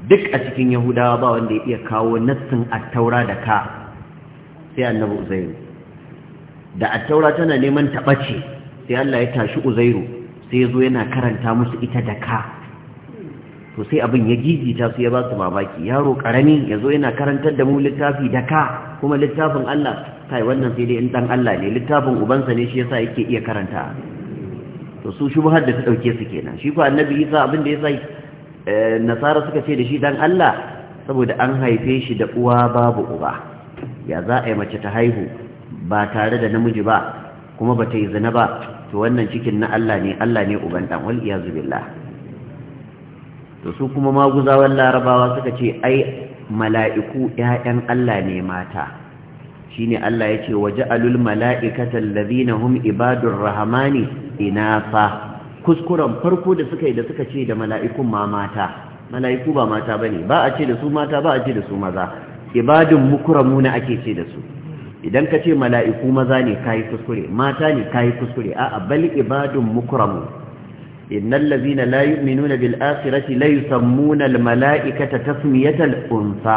duk a cikin Yahudawa ba wanda ya iya kawo nassin at-taura da ka sai annabi Uzair da attaura tana neman ta ɓace sai Allah ya tashi uzairu sai yazo yana karanta musu ita da ka to sai abin ya gigita su ya ba su mamaki yaro karami yazo yana karantar da mu littafi da ka kuma littafin Allah kai wannan sai dai in dan Allah ne littafin ubansa ne shi yasa yake iya karanta to su shi buhar da ta dauke su kenan shi ko annabi Isa abin da ya sai eh, nasara suka ce da shi dan Allah saboda an haife shi da uwa babu uba ya za a yi mace ta haihu ba tare da namiji ba kuma ba ta yi zina ba to wannan cikin na Allah ne Allah ne uban dan wal iyazu billah to su kuma maguzawan larabawa suka ce ai mala'iku ƴaƴan Allah ne mata shine Allah yace waja'alul mala'ikata allazina hum ibadur rahmani inafa kuskuren farko da suka yi da suka ce da mala'ikun ma mata mala'iku ba mata bane ba a ce da su mata ba a ce da su maza ibadun mukramuna ake ce da su idan ka ce mala'iku maza ne kayi kuskure mata ne kayi kuskure a'a bal ibadun mukramu innan lazina la yu'minuna bil akhirati la mala'ika ta mala'ikata tasmiyatal unsa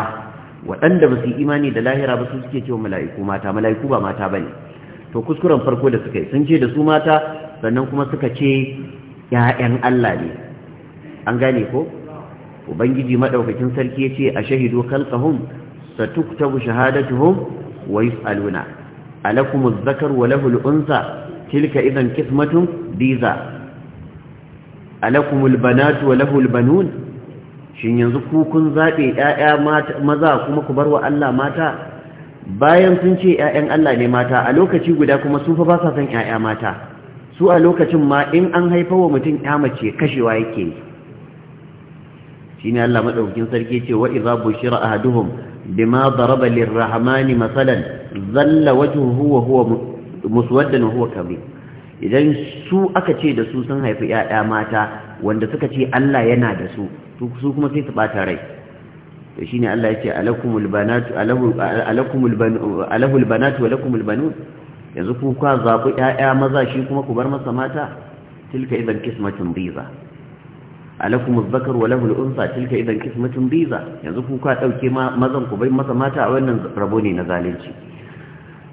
waɗanda ba su imani da lahira ba su suke cewa mala'iku mata mala'iku ba mata ne. to kuskuren farko da suka yi sun ce da su mata sannan kuma suka ce ‘ya'yan Allah ne an gane ko ubangiji madaukakin sarki ya ce a shahidu kalkahum satuktabu shahadatuhum wa yus'aluna alakumuz zakar wa lahul unsa tilka idan kismatun? Biza. alakumul banatu wa lahul banun shin yanzu ku kun zabe ƴaƴa maza kuma ku barwa Allah mata bayan sun ce 'ya'yan Allah ne mata a lokaci guda kuma su fa ba sa san 'ya'ya mata su a lokacin ma in an wa mutum 'ya mace kashewa yake yi shine Allah madaukakin sarki ce wa idza bushira ahaduhum بما ضرب للرحمن مثلا ظل وجهه وهو مسودا وهو كظيم idan su aka ce da su sun haifi ƴaƴa mata wanda suka ce Allah yana da su to su kuma sai su bata rai to shine Allah yace alakumul banatu alakumul banu alahul banatu wa lakumul banun yanzu ku ka zabi ƴaƴa maza shi kuma ku bar masa mata tilka idan kismatun biza alakum az wa lahu al-unsa tilka idan kismatun biza yanzu kuka ka dauke mazan ku bai masa mata a wannan rabo ne na zalunci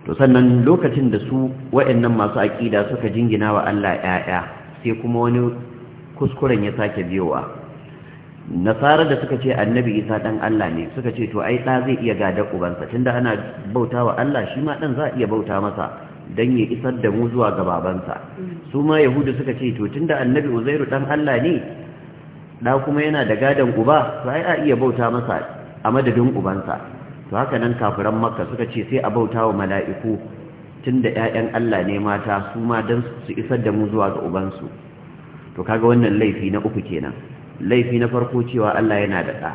to sannan lokacin da su wayannan masu aƙida suka jingina wa Allah 'ya'ya, sai kuma wani kuskuren ya sake biyowa nasara da suka ce annabi isa dan Allah ne suka ce to ai da zai iya gada ubansa tunda ana bauta wa Allah shi ma ɗan za a iya bauta masa dan ya isar da mu zuwa gababansa. babansa mm. su ma yahudu suka ce to tunda annabi uzairu ɗan Allah ne da kuma yana da gadon uba to ai a iya bauta masa a madadin ubansa to haka nan kafiran makka suka ce sai a bauta wa mala'iku tunda ƴaƴan Allah ne mata su ma dan su isar da mu zuwa ga ubansu to kaga wannan laifi na uku kenan laifi na farko cewa Allah yana da ɗa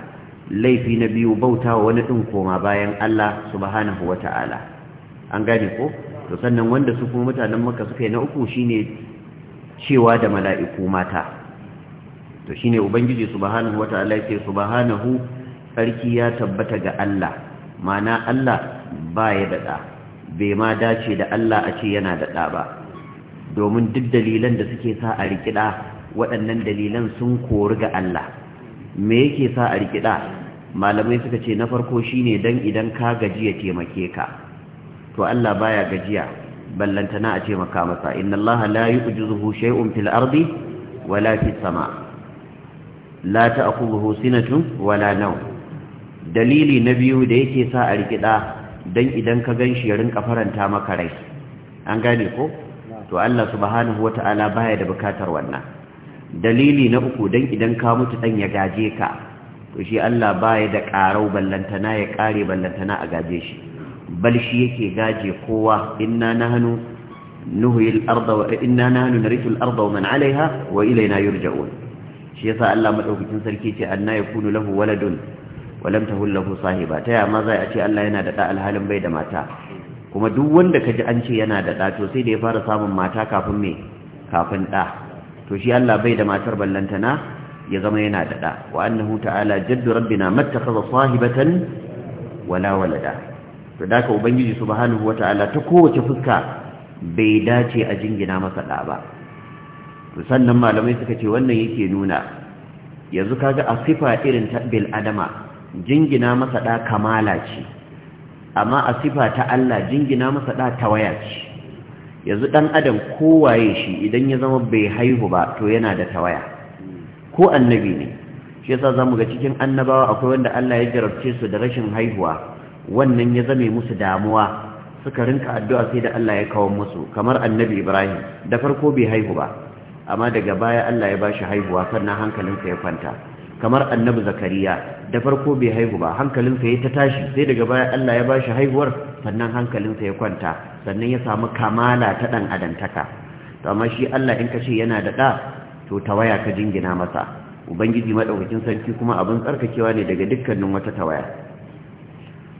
laifi na biyu bauta wa wani ɗin koma bayan Allah subhanahu wata'ala an gane ko to sannan wanda su kuma mutanen makka suka yi na uku shine cewa da mala'iku mata to shine ubangiji subhanahu wataala yake subhanahu sarki ya tabbata ga Allah ma'ana Allah ba ya daɗa bai ma dace da Allah a ce yana daɗa ba domin duk dalilan da suke sa a rikiɗa waɗannan dalilan sun kori ga Allah me yake sa a rikiɗa malamai suka ce na farko shine dan idan ka gajiya taimake ka to Allah baya gajiya ballantana a taimaka masa inna Allah la yu'jizuhu shay'un fil ardi wala fis sama' la ta'khudhuhu tun wala nau. dalili na biyu da yake sa a rikida don idan ka ganshi ya rinka faranta maka rai an gane ko to Allah subhanahu wata'ala baya da bukatar wannan dalili na uku dan idan ka mutu dan ya gaje ka to shi Allah baya da karau ballantana ya kare ballantana a gaje shi bal shi yake gaje kowa inna nahnu nuhyil arda wa inna nahnu narithul arda wa man 'alayha wa ilayna yurja'un shi yasa Allah madaukakin sarki ce anna yakunu lahu waladun wa lam tahul lahu sahiba ta ya ma za a ce Allah yana da da alhalin bai da mata kuma duk wanda ji an ce yana da da to sai da ya fara samun mata kafin me kafin da to shi Allah bai da matar ballantana ya zama yana da da wa annahu ta'ala jaddu rabbina mattakhadha sahibatan wala walada to da ka ubangiji subhanahu wata'ala ta kowace fuska bai dace a jingina masa da ba sannan malamai suka ce wannan yake nuna yanzu kaga a sifa irin ta bil adama jingina masa da kamala ce amma a sifa ta Allah jingina masa da tawaya ce yanzu dan adam kowaye shi idan ya zama bai haihu ba to yana da tawaya ko annabi ne shi yasa zamu ga cikin annabawa akwai wanda Allah ya jarabce su da rashin haihuwa wannan ya zame musu damuwa suka rinka addu'a sai da Allah ya kawo musu kamar annabi Ibrahim da farko bai haihu ba amma daga baya Allah ya bashi haihuwa sannan hankalinsa ya kwanta kamar annabi zakariya da farko bai haihu ba hankalinsa ya ta tashi sai daga baya Allah ya bashi haihuwar sannan hankalinsa ya kwanta sannan ya samu kamala ta dan adantaka to amma shi Allah in kace yana da da to tawaya ka jingina masa ubangiji madaukakin sarki kuma abin tsarkakewa ne daga dukkanin wata tawaya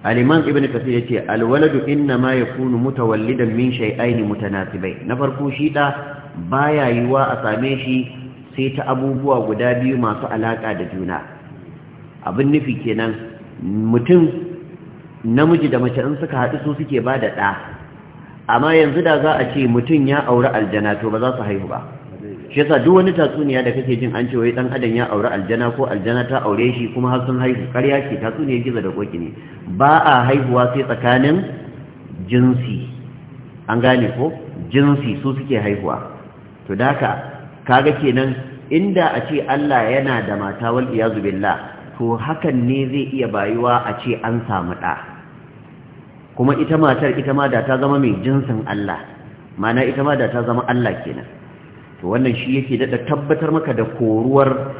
al-imam ibn ya yace al-waladu inna ma yakunu mutawallidan min shay'ain mutanasibai na farko shi da baya yiwa a same shi sai ta abubuwa guda biyu masu alaka da juna abin nufi kenan mutum namiji da mace in suka haɗu su suke ba da ɗa amma yanzu da za a ce mutum ya auri aljana to ba za su haihu ba shi yasa duk wani tatsuniya da kake jin an ce wai dan adam ya aure aljana ko aljana ta aure shi kuma har sun haihu ƙarya ce tatsuniya gizo da koki ne ba a haihuwa sai tsakanin jinsi an gane ko jinsi su suke haihuwa to da haka kaga kenan inda a ce Allah yana da mata wal iyazu billah to hakan ne zai iya bayuwa a ce an samu ɗa kuma ita matar ita ma da ta zama mai jinsin Allah mana ita ma da ta zama Allah kenan to wannan shi yake daɗa tabbatar maka da koruwar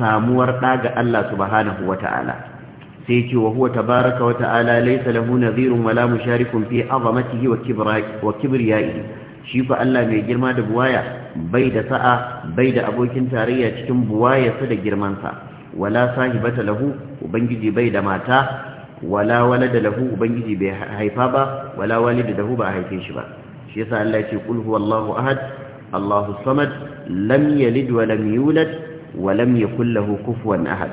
samuwar ɗa ga Allah subhanahu wa ta'ala sai ce wa huwa tabaraka wa ta'ala laysa lahu nadhirun wala musharikun fi azamatihi wa kibriyaihi shi fa Allah mai girma da buwaya bai da sa'a bai da abokin tarayya cikin buwayarsa da girmansa wala sahibata lahu ubangiji bai da mata wala walada lahu ubangiji bai haifa ba wala walida lahu ba haife shi ba shi yasa Allah ya ce qul huwallahu ahad Allahu samad lam yalid wa lam yulad wa lam yakul lahu kufuwan ahad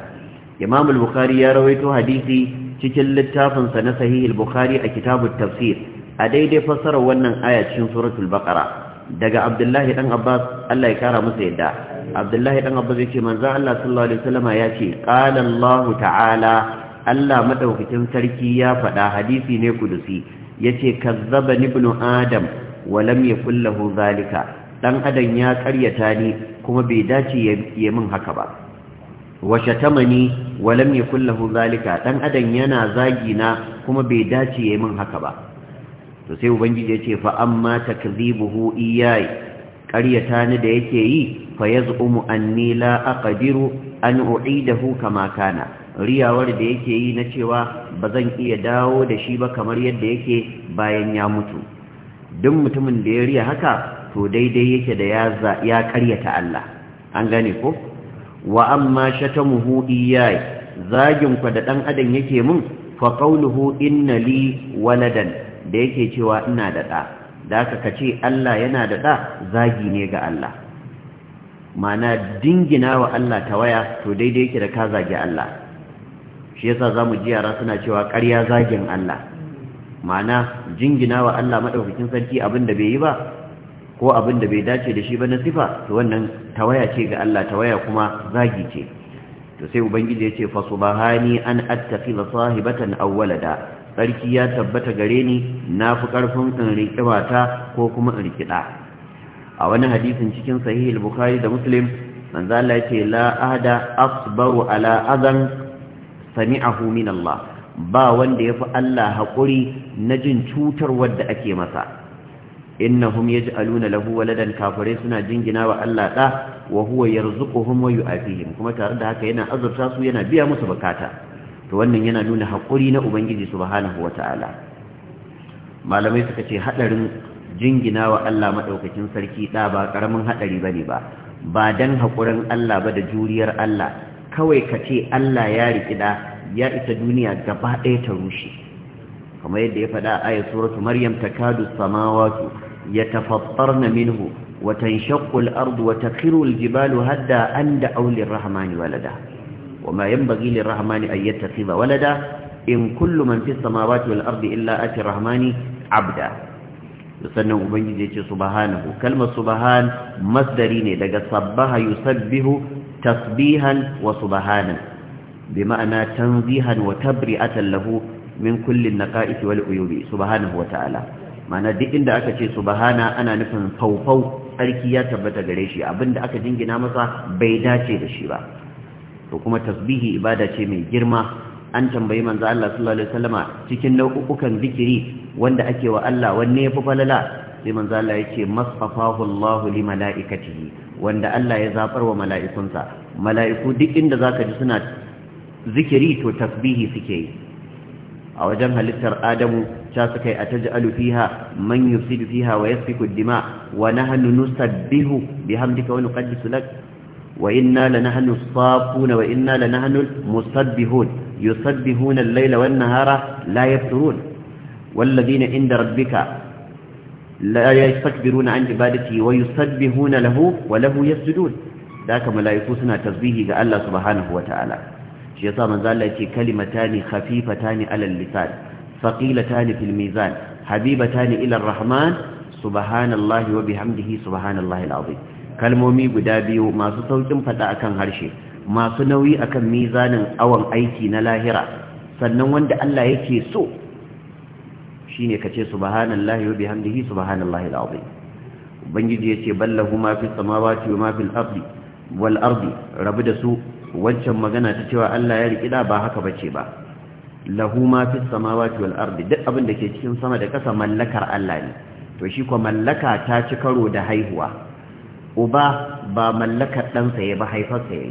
Imam al-Bukhari ya rawaito hadisi cikin littafinsa na Sahih al-Bukhari a kitabut tafsir a daidai fassarar wannan aya cikin suratul Baqara daga abdullahi dan abbas Allah ya kara masa yadda abdullahi dan abbas yake manzo Allah sallallahu alaihi wasallama yace qala Allah ta'ala Allah madaukakin sarki ya faɗa hadisi ne kudusi yace kazzaba ibnu adam wa lam yakul lahu zalika dan adam ya karyata ni kuma bai dace ya min haka ba wa shatamani wa lam yakul lahu zalika dan adam yana zagina kuma bai dace ya min haka ba to sai ubangiji ya ce fa amma takdhibuhu iyai ƙaryata ni da yake yi fa yaz'umu anni la aqdiru an u'idahu kama kana riyawar da yake yi na cewa bazan iya dawo da shi ba kamar yadda yake bayan ya mutu duk mutumin da ya riya haka to daidai yake da ya ƙaryata Allah an gane ko wa amma shatamuhu iyai zagin ku da dan adam yake mun fa qawluhu inna li waladan da yake cewa ina da ɗa da aka kace Allah yana da ɗa zagi ne ga Allah mana dingina wa Allah ta waya to daidai yake da ka zagi Allah shi yasa za mu ji yara suna cewa ƙarya zagin Allah mana jingina wa Allah maɗaukakin sarki abinda da bai yi ba ko abinda bai dace da shi ba na sifa to wannan tawaya ce ga Allah tawaya kuma zagi ce to sai ubangiji ya ce fa subhani an attaqi sahibatan aw walada tsarki ya tabbata gare ni na fi ƙarfin in riƙi ta ko kuma in riƙi a wani hadisin cikin sahihul bukhari da muslim manzo Allah yake la ahada asbaru ala adan sami'ahu min Allah ba wanda yafi Allah haƙuri na jin cutar wadda ake masa innahum yaj'aluna lahu waladan kafarai suna jingina wa Allah da wa huwa yarzuquhum wa yu'afihim kuma tare da haka yana azurta su yana biya musu bukata to wannan yana nuna haƙuri na ubangiji subhanahu wata'ala malamai suka ce haɗarin jingina wa Allah maɗaukacin sarki ɗa ba karamin hadari bane ba ba dan haƙurin Allah ba da juriyar Allah kawai ka ce Allah ya riki da ya isa duniya gaba ɗaya ta rushe kamar yadda ya faɗa a suratu maryam takadu samawatu na minhu وتنشق الأرض وتخر الجبال هدا أن دعوا rahmani walada وما ينبغي للرحمن أن يتخذ ولدا ba كل من في السماوات والأرض إلا آتي الرحمن عبدا sannan ubangiji ya ce subhanahu kalmar subhan masdari ne daga sabbaha yusabbihu tasbihan wa subhanan bi ma'ana tanzihan wa tabri'atan lahu min kulli naqa'is wal uyubi subhanahu wa ta'ala ma'ana duk inda aka ce subhana ana nufin faufau tsarki ya tabbata gare shi abinda aka jingina masa bai dace da shi ba to kuma tasbihi ibada ce mai girma an tambayi manzo Allah sallallahu alaihi wasallama cikin nau'ukan zikiri wanda ake wa Allah wanne yafi falala sai manzo Allah yake masfafahu Allah li malaikatihi wanda Allah ya zabar wa mala'ikunsa mala'iku duk inda zaka ji suna zikiri to tasbihi suke yi a wajen halittar adamu ta suka yi a ta fiha man yufsidu fiha wa yasfiku dima wa nahnu nusabbihu bihamdika wa nuqaddisu lak وإنا لنحن الصافون وإنا لنحن inda يسبحون الليل والنهار لا يفترون والذين عند ربك لا يستكبرون عن عبادته ويسبحون له وله يسجدون ذاك ملائكه سنا تسبيحي ga Allah subhanahu wataala shi yasa manzo Allah yake kalimatani khafifatani ala lisan thaqilatani fil mizan habibatani ila rahman subhanallahi wa bihamdihi subhanallahi kalmomi guda biyu masu saukin fada akan harshe masu nauyi akan mizanin awon aiki na lahira sannan wanda Allah yake so shine kace subhanallahi wa bihamdihi subhanallahi alazim ubangiji yace ballahu ma fi samawati wa ma fil ardi wal ardi rabu da su wancan magana ta cewa Allah ya rikida ba haka bace ba lahu ma fi samawati wal ardi duk abin da ke cikin sama da ƙasa mallakar Allah ne to shi ko mallaka ta ci karo da haihuwa uba ba mallakar ɗansa ya ba haifarsa ya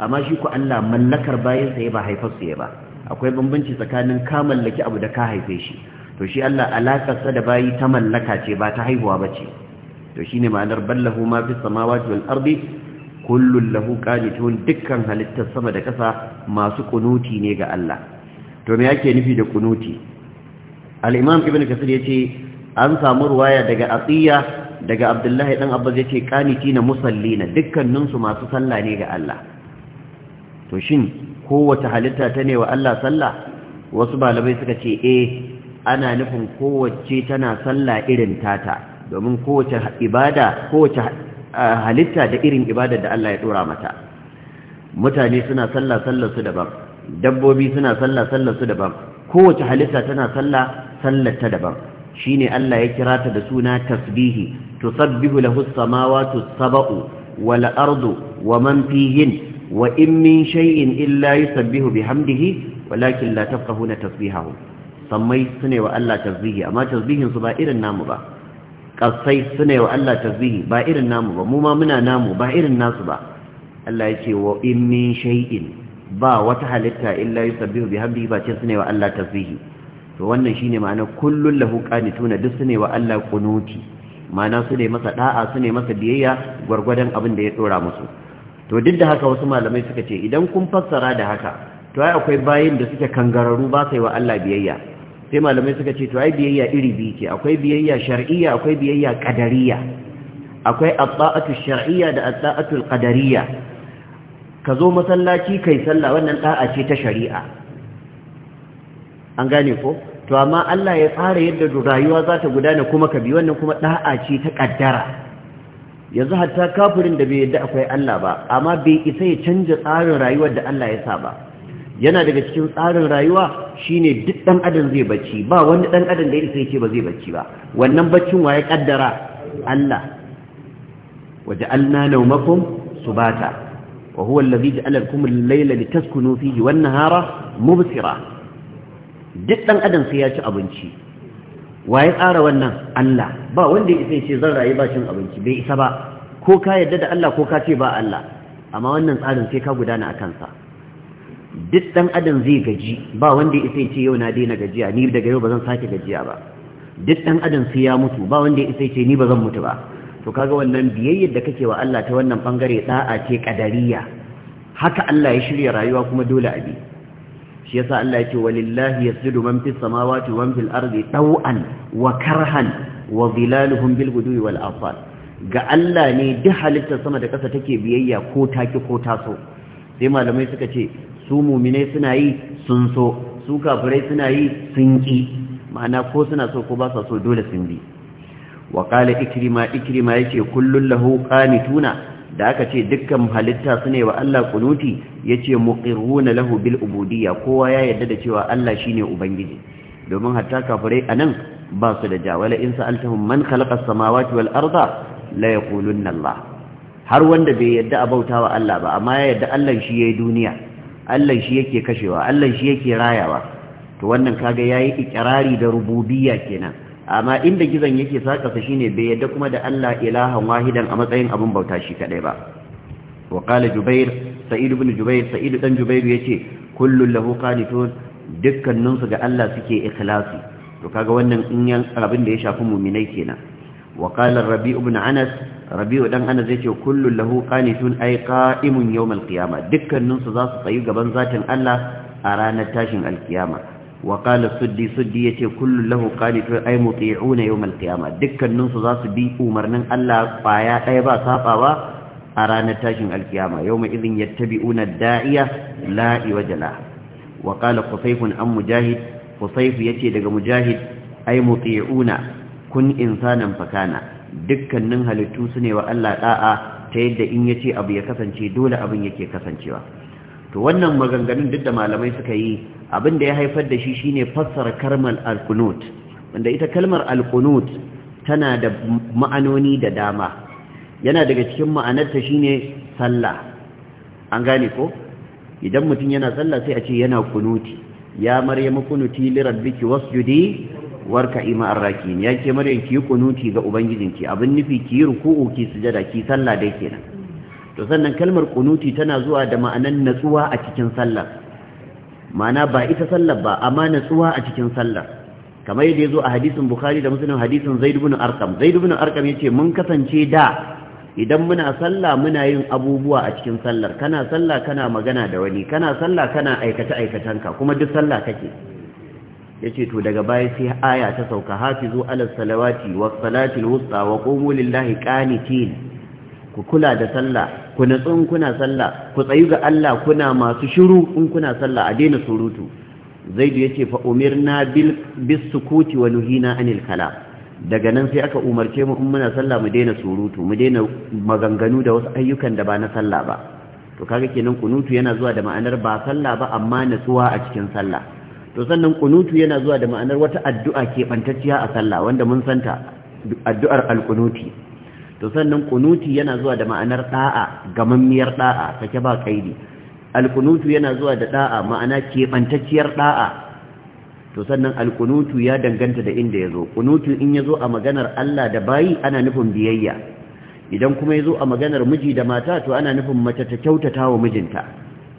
amma shi ku Allah mallakar bayansa ya ba haifarsa ya ba akwai bambanci tsakanin ka mallaki abu da ka haife shi to shi Allah alaƙarsa da bayi ta mallaka ce ba ta haihuwa ba ce to shi ne ma'anar ballahu ma fi samawati wal ardi kullun lahu qanitun dukkan halittar sama da ƙasa masu kunuti ne ga Allah to me yake nufi da kunuti al-imam ibn kasir yace an samu ruwaya daga atiya daga abdullahi ɗan abbas ya ce, yace qanitina musallina dukkanin su masu sallah ne ga Allah to shin kowace halitta ta ne wa Allah sallah wasu balabai suka ce eh ana nufin kowace tana sallah irin tata domin kowace ibada kowace ah, halitta da irin ibada da Allah ya dora mata mutane suna sallah sallar daban dabbobi suna sallah sallar daban kowace halitta tana sallah sallar ta daban shine Allah ya kira ta da suna tasbihi tusabbihu lahu as-samawati as-sab'u wal ardu wa man fihin wa in min shay'in illa yusabbihu bihamdihi walakin la tafqahuna tasbihahu sammai sune wa Allah tasbihi amma tasbihin ba irin namu ba kasai sune wa Allah tasbihi ba irin namu ba mu muna namu ba irin nasu ba Allah yake wa in min ba wata halitta illa yusabbihu bihamdihi ba ce wa Allah tasbihi to wannan shine ma'ana kullun lahu qanituna duk sune wa Allah qunuti Mana su ne masa da'a su ne masa biyayya gwargwadon abin da ya tsora musu to duk da haka wasu malamai suka ce idan kun fassara da haka to ai akwai bayin da suke kangararru ba sai wa Allah biyayya sai malamai suka ce to ai biyayya iri biyu ce akwai biyayya shar'iyya akwai biyayya qadariyya akwai atta'atu shar'iyya da atta'atu qadariyya ka zo masallaci kai sallah wannan da'a ce ta shari'a an gane ko to amma Allah ya tsara yadda rayuwa za ta gudana kuma ka bi wannan kuma da'a ce ta kaddara yanzu hatta kafirin da bai yadda akwai Allah ba amma bai isa ya canja tsarin rayuwar da Allah ya sa ba yana daga cikin tsarin rayuwa shine duk dan adam zai bacci ba wani dan adam da ya ce ba zai bacci ba wannan baccin wa ya kaddara Allah waja'alna nawmakum subata wa huwa alladhi ja'ala lakum al-layla litaskunu fihi wan-nahara mubsira duk ɗan adam sai ya ci abinci waye tsara wannan Allah ba wanda ya isa ce zan rayu ba cin abinci bai isa ba ko ka yarda da Allah ko ka ce ba Allah amma wannan tsarin sai ka gudana a kansa duk ɗan adam zai gaji ba wanda ya isa ce yau na daina gajiya ni daga yau ba zan sake gajiya ba duk ɗan adam sai ya mutu ba wanda ya isa ce ni ba zan mutu ba to kaga wannan biyayyar da kake wa Allah ta wannan bangare da'a ce kadariya haka Allah ya shirya rayuwa kuma dole a bi shi yasa Allah yake walillahi yasjudu man fis samawati wa man fil ardi taw'an wa karhan wa zilaluhum bil ghudwi wal ga Allah ne duk halittar sama da ƙasa take biyayya ko taki ko taso sai malamai suka ce su muminai suna yi sun so su kafirai suna yi sun ki ma'ana ko suna so ko ba sa so dole sun bi wa qala ikrima ikrima yake kullun lahu qanituna da aka ce dukkan halitta su ne wa Allah kunuti ya ce muqirruna lahu bil ubudiyya kowa ya yarda da cewa Allah shine ubangiji domin hatta kafirai anan ba su da jawala in sa'altahum man khalaqa as-samawati wal arda la yaqulunna Allah har wanda bai yarda a bauta wa Allah ba amma ya yarda Allah shi yayi duniya Allah shi yake kashewa Allah shi yake rayawa to wannan kaga yayi ikrari da rububiyya kenan amma inda gizon yake sakasa shine bai yadda kuma da Allah ilahan wahidan a matsayin abin bauta shi kadai ba wa qala jubair sa'id ibn jubair sa'id dan jubair yace kullu lahu qanitun dukkanin su ga Allah suke ikhlasi to kaga wannan in yan abin da ya shafi mu'minai kenan wa qala rabi' ibn anas rabi'u dan anas yace kullu lahu qanitun ay qa'imun yawm al-qiyamah dukkanin su za su tsayi gaban zatin Allah a ranar tashin alkiyama وقال السدي سدي يتي كل له قانتون أي مطيعون يوم القيامة دكا ننسو ذاس بي أمرنا ألا قايا أيبا ساقاوا أرانا تاشن القيامة يومئذ يتبعون الداعية لا يوجلا وقال قصيف أم مجاهد قصيف يتي لغ مجاهد أي مطيعون كن إنسانا فكانا دكا ننهل توسني وألا تاء تيد إن يتي أبي كفنشي دول أبي يتي كفنشي to wannan maganganun duk da malamai suka yi abin da ya haifar da shi shine fassara kalmar alkunut wanda ita kalmar alkunut tana da ma'anoni da dama yana daga cikin ma'anarta shine sallah an gane ko idan mutum yana sallah sai a ce yana kunuti ya maryamu kunuti li rabbiki wasjudi warka ima arrakin ya ce maryam ki kunuti ga ubangijinki abin nufi ki ruku'u ki sujada ki sallah dai kenan to sannan kalmar kunuti tana zuwa da ma'anan natsuwa a cikin sallar, ma'ana ba ita sallar ba amma natsuwa a cikin sallar kamar yadda ya zo a hadisin bukhari da muslim hadisin zaid ibn arqam zaid ibn arqam yace mun kasance da idan muna sallah muna yin abubuwa a cikin sallar kana sallah kana magana da wani kana sallah kana aikata aikatanka kuma duk sallah kake ce to daga baya sai aya ta sauka hafizu ala salawati was salati al wusta wa qumu lillahi qanitin ku kula da sallah ku natsu in kuna sallah ku tsayu ga Allah kuna masu shiru in kuna sallah a daina surutu zaidu yace fa umirna bil bisukuti wa nuhina anil Kala. daga nan sai aka umarce mu in muna sallah mu daina surutu mu daina maganganu da wasu ayyukan da ba na sallah ba to kaga kenan kunutu yana zuwa da ma'anar ba sallah ba amma natsuwa a cikin sallah to sannan kunutu yana zuwa da ma'anar wata addu'a ke bantacciya a sallah wanda mun santa addu'ar alkunuti to sannan kunuti yana zuwa da ma'anar da'a gamammiyar da'a take ba kaidi alkunutu yana zuwa da da'a ma'ana kebantacciyar da'a to sannan alkunutu ya danganta da inda yazo kunutu in yazo a maganar Allah da bayi ana nufin biyayya idan kuma yazo a maganar miji da mata to ana nufin mace ta kyautata wa mijinta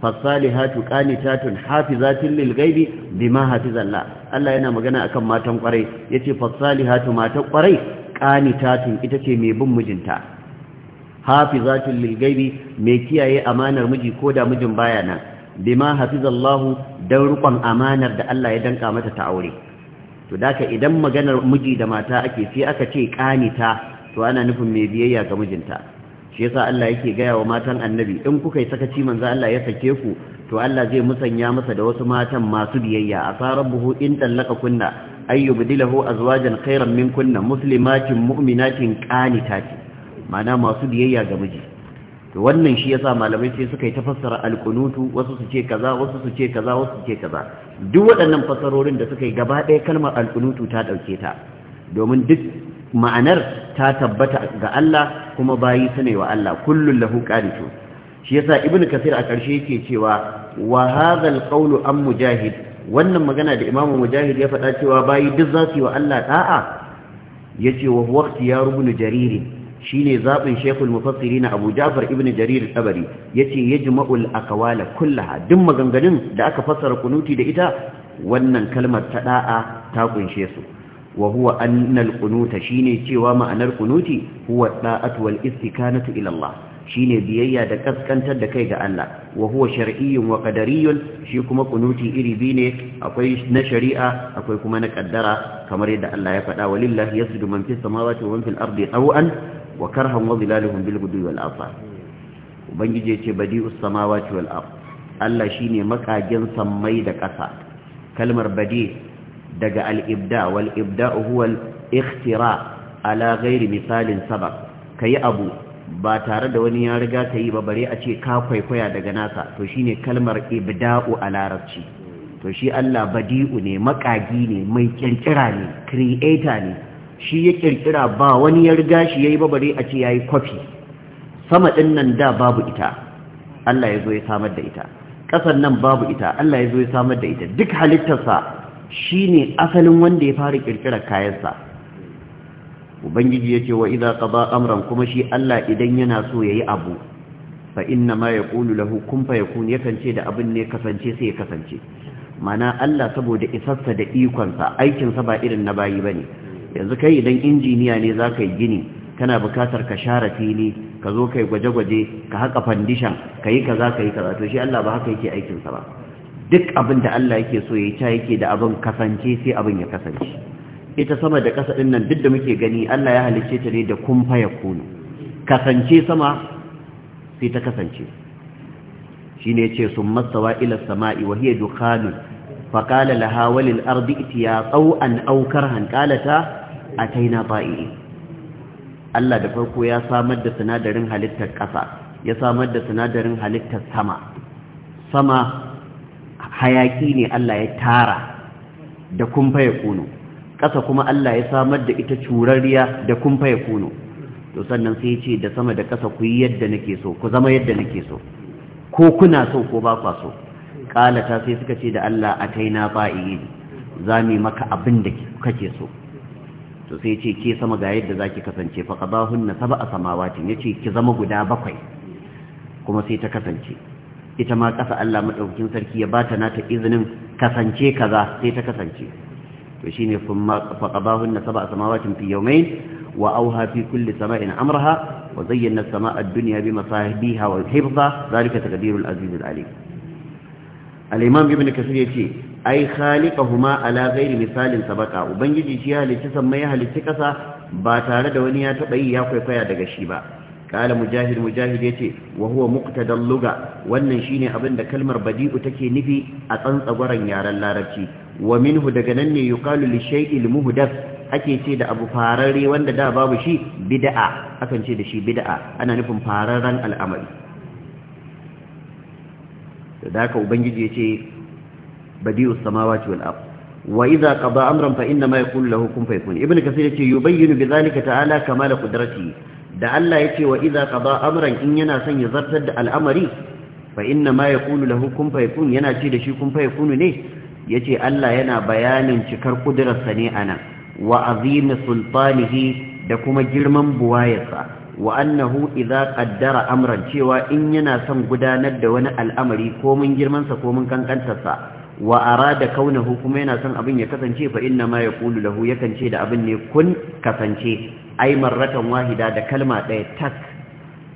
fasalihatu qanitatun hafizatun ghaibi bima hafizallah Allah yana magana akan matan kwarai yace fasalihatu matan kwarai ƙanitatun ita ce mai bin mijinta hafizatul lil mai kiyaye amanar miji ko da mijin baya nan bima hafizallahu dan rukon amanar da Allah ya danka mata ta aure to daka idan maganar miji da mata ake sai aka ce ƙanita to ana nufin mai biyayya ga mijinta shi yasa Allah yake gaya wa matan annabi in kuka yi sakaci manzo Allah ya sake ku to Allah zai musanya masa da wasu matan masu biyayya a asa rabbuhu in tallaka kunna ay yubdilahu azwajan khairan minkunna muslimatin mu'minatin qanitatin ma'ana masu biyayya ga miji to wannan shi sa malamai sai suka yi ta fassara alkunutu wasu su ce kaza wasu su ce kaza wasu su ce kaza duk waɗannan fassarorin da suka yi gaba ɗaya kalmar alkunutu ta ɗauke ta domin duk ma'anar ta tabbata ga Allah kuma bayi su ne wa Allah kullum lahu qanitu shi yasa ibnu kasir a ƙarshe yake cewa wa hadha alqawlu mujahid wannan magana da imamu mujahid ya faɗa cewa bayi duk za su yi wa Allah ta'a ya ce wa huwa ikhtiyaru ibn shine zaɓin shaykhul mufassirin abu ja'far ibn jarir tabari yace yajma'ul aqwala kullaha duk maganganun da aka fassara kunuti da ita wannan kalmar ta ɗa'a ta kunshe su wa huwa anna shine cewa ma'anar kunuti huwa ɗa'atu wal istikanatu ila Allah shine biyayya da kaskantar da kai ga Allah wa huwa shar'iyyun wa shi kuma kunuti iri bi ne akwai na shari'a akwai kuma na kaddara kamar yadda Allah ya faɗa walillahi yasjudu man fis samawati wa man fil ardi taw'an wa karhan wa zilaluhum bil ghudwi wal asar ubangiji yace badi'u samawati wal ard Allah shine makagen sammai da ƙasa kalmar badi daga al-ibda wal ibda'u huwa al-ikhtira ala ghairi misalin sabaq yi abu ba tare da wani ya riga ta yi ba bare a ce ka kwaikwaya daga nasa to shi ne kalmar ibda'u a larabci to shi Allah badi'u ne makagi ne mai kirkira ne creator ne shi ya kirkira ba wani ya riga shi yayi ba bare a ce ya yi kwafi sama din nan da babu ita Allah ya zo ya samar da ita ƙasar nan babu ita Allah ya zo ya samar da ita duk halittarsa shi ne asalin wanda ya fara kirkirar kayansa ubangiji ce wa ka qada amran kuma shi Allah idan yana so yayi abu fa inna ma yaqulu lahu kun fayakun yakan ce da abin ne kasance sai ya kasance mana Allah saboda isarsa da ikonsa aikinsa ba irin na bayi bane yanzu kai idan injiniya ne zaka yi gini kana bukatar ka share fili ka zo kai gwaje-gwaje ka haka fandishan ka yi kaza ka yi kaza to shi Allah ba haka yake aikinsa ba duk abin da Allah yake so ya yi ta yake da abin kasance sai abin ya kasance ita sama da ƙasa ɗin nan duk da muke gani Allah ya halicce ta ne da kun faya kunu kasance sama sai ta kasance shi ne ce sun matsawa ila sama'i wa hiya dukkanu faƙala laha walil ardi itiya tsau'an aukar hankalata a taina ba'i Allah da farko ya samar da sinadarin halittar ƙasa ya samar da sinadarin halittar sama sama hayaki ne Allah ya tara da kumfaya ya kuno ƙasa kuma Allah ya samar da ita curarriya da kumfa ya kuno to sannan sai ya ce da sama da ƙasa ku yi yadda nake so ku zama yadda nake so ko kuna so ko ba kwa so ƙalata sai suka ce da Allah a kai na taina ne za mu maka abin da kake so to sai ya ce ke sama ga yadda za ki kasance fa qadahunna sab'a ya ce ki zama guda bakwai kuma sai ta kasance ita ma ƙasa Allah maɗaukin sarki ya bata nata izinin kasance kaza sai ta kasance to shine faqabahunna sab'a samawatin fi yawmayn wa awha fi kulli sama'in amraha wa zayyana as-sama'a ad-dunya bi masahibiha wa hifdha dhalika al aziz al-alim al-imam ibn kasir yace ai khaliqahuma ala ghairi misalin sabaka ubangiji shi ya halicci sammai ya halicci kasa ba tare da wani ya taba yi ya kwaikwaya daga shi ba mujahid مجاهد مجاهد يتي وهو مقتدى اللغة wannan shine abin da kalmar badi'u take nufi a tsantsagoran yaren larabci wa minhu daga nan ne yuqalu li shay'il muhdath ake ce da abu fararre wanda da babu shi bid'a akan ce da shi bid'a ana nufin fararren al'amari da haka ubangiji yace badi'us samawati wal ardh wa idza qada amran fa inna ma yaqulu lahu kun fayakun ibnu kasir yace yubayyinu bidhalika ta'ala kamal qudratihi da Allah yace wa idza qada amran in yana son ya zartar da al'amari fa inna ma yaqulu lahu kun fayakun yana ce da shi kun fayakun ne yace Allah yana bayanin cikar kudirarsa ne a wa azimi sultanihi da kuma girman buwayarsa wa annahu idza qaddara amran cewa in yana son gudanar da wani al'amari ko mun girmansa ko mun kankantar wa arada kaunahu kuma yana son abin ya kasance fa inna ma yaqulu lahu yakan ce da abin ne kun kasance ai marratan wahida da kalma ɗaya tak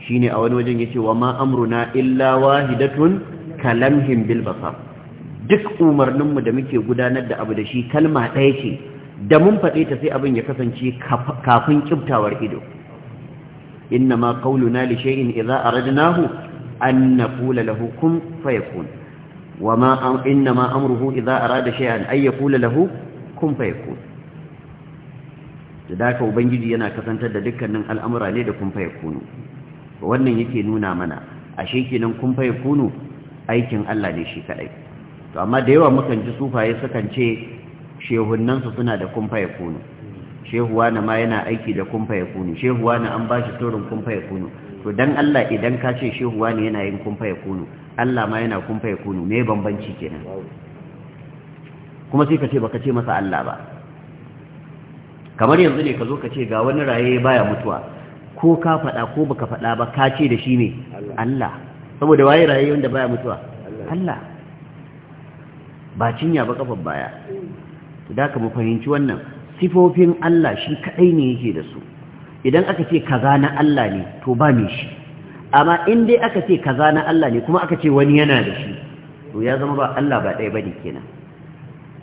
shine a wani wajen yace wa ma amruna illa wahidatun kalamhim bil basar duk umarninmu da muke gudanar da abu da shi kalma ɗaya ce da mun faɗe ta sai abin ya kasance kafin kiftawar ido inna ma qauluna li shay'in idza aradnahu an naqula lahu kun fayakun ma am inna ma amruhu idza arada shay'an ay yaqula lahu kun fayakun da haka ubangiji yana kasantar da dukkanin al'amura ne da kun fayakunu wannan yake nuna mana ashe kenan kun fayakunu aikin Allah ne shi kadai to amma da yawa mukan ji sufaye sukan ce shehunnansu suna da kumfa ya kunu shehuwa na ma yana aiki da kumfa ya kunu shehuwa na an bashi turin kumfa ya kunu to dan Allah idan ka ce shehuwa ne yana yin kumfa ya kunu Allah ma yana kumfa ya kunu me bambanci kenan kuma sai ka ce baka ce masa Allah ba kamar yanzu ne ka zo ka ce ga wani raye baya mutuwa ko ka faɗa ko baka faɗa ba ka ce da shi ne Allah saboda waye raye wanda baya mutuwa Allah ba cinya ba kafar baya to da ka mu wannan sifofin Allah shi kadai ne yake da su idan aka ce kaza na Allah ne to ba me shi amma in dai aka ce kaza na Allah ne kuma aka ce wani yana da shi to ya zama ba Allah ba ɗaya bane kenan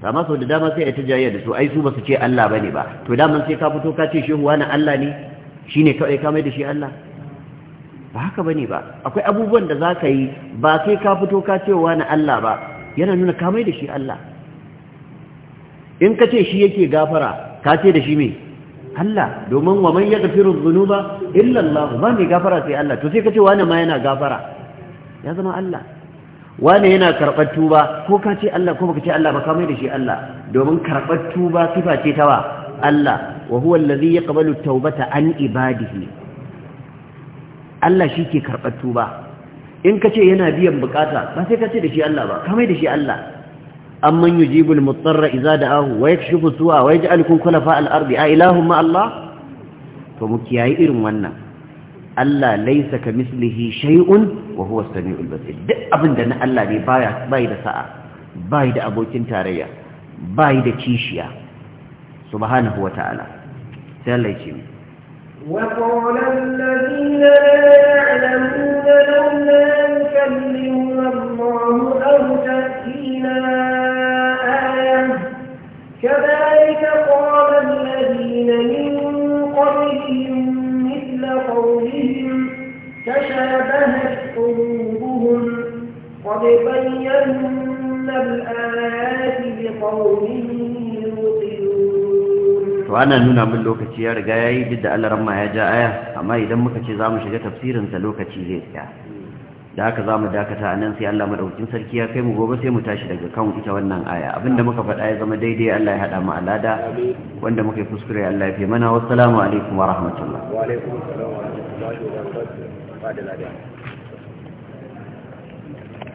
amma sau da dama sai a ta jayya da su ai su ba su ce Allah bane ba to daman sai ka fito ka ce shehu wani Allah ne Shi ne kawai ka mai da shi Allah ba haka bane ba akwai abubuwan da za ka yi ba sai ka fito ka ce wani Allah ba yana nuna kamai da shi Allah in ka ce shi yake gafara ka ce da shi me Allah domin wa man yaghfiru dhunuba illa Allah ba mai gafara sai Allah to sai ka ce wani ma yana gafara ya zama Allah wane yana karɓar tuba ko ka ce Allah ko baka ce Allah ba kamai da shi Allah domin karɓar tuba sifa ce ta wa Allah wa huwa allazi yaqbalu at-taubata an ibadihi Allah shi ke karɓar tuba in ka ce yana biyan bukata ba sai ka ce da shi Allah ba kamar da shi Allah amman yujibul mutarra idza da'ahu wa yakshifu su'a wa yaj'alukum khulafa al-ardi a ilahum ma Allah to mu kiyayi irin wannan Allah laysa kamislihi shay'un wa huwa as-sami'ul basir duk abinda na Allah ne baya bai da sa'a bai da abokin tarayya bai da kishiya subhanahu wa ta'ala sai Allah ya ce وقال الذين لا يعلمون لولا يكلمنا الله أو تأتينا آية كذلك قال الذين من قبلهم مثل قولهم تشابهت قلوبهم قد بينا الآيات لقومهم to ana nuna min lokaci ya riga ya yi duk da Allah ramma ya ja aya amma idan muka ce za mu shiga tafsirinsa lokaci zai tsaya da haka za mu dakata a nan sai Allah madaukin sarki ya kai mu gobe sai mu tashi daga kan ita wannan aya abinda muka faɗa ya zama daidai Allah ya haɗa mu alada wanda muka yi kuskure Allah ya fi mana wassalamu alaikum wa rahmatullah wa alaikum assalam wa rahmatullahi wa barakatuh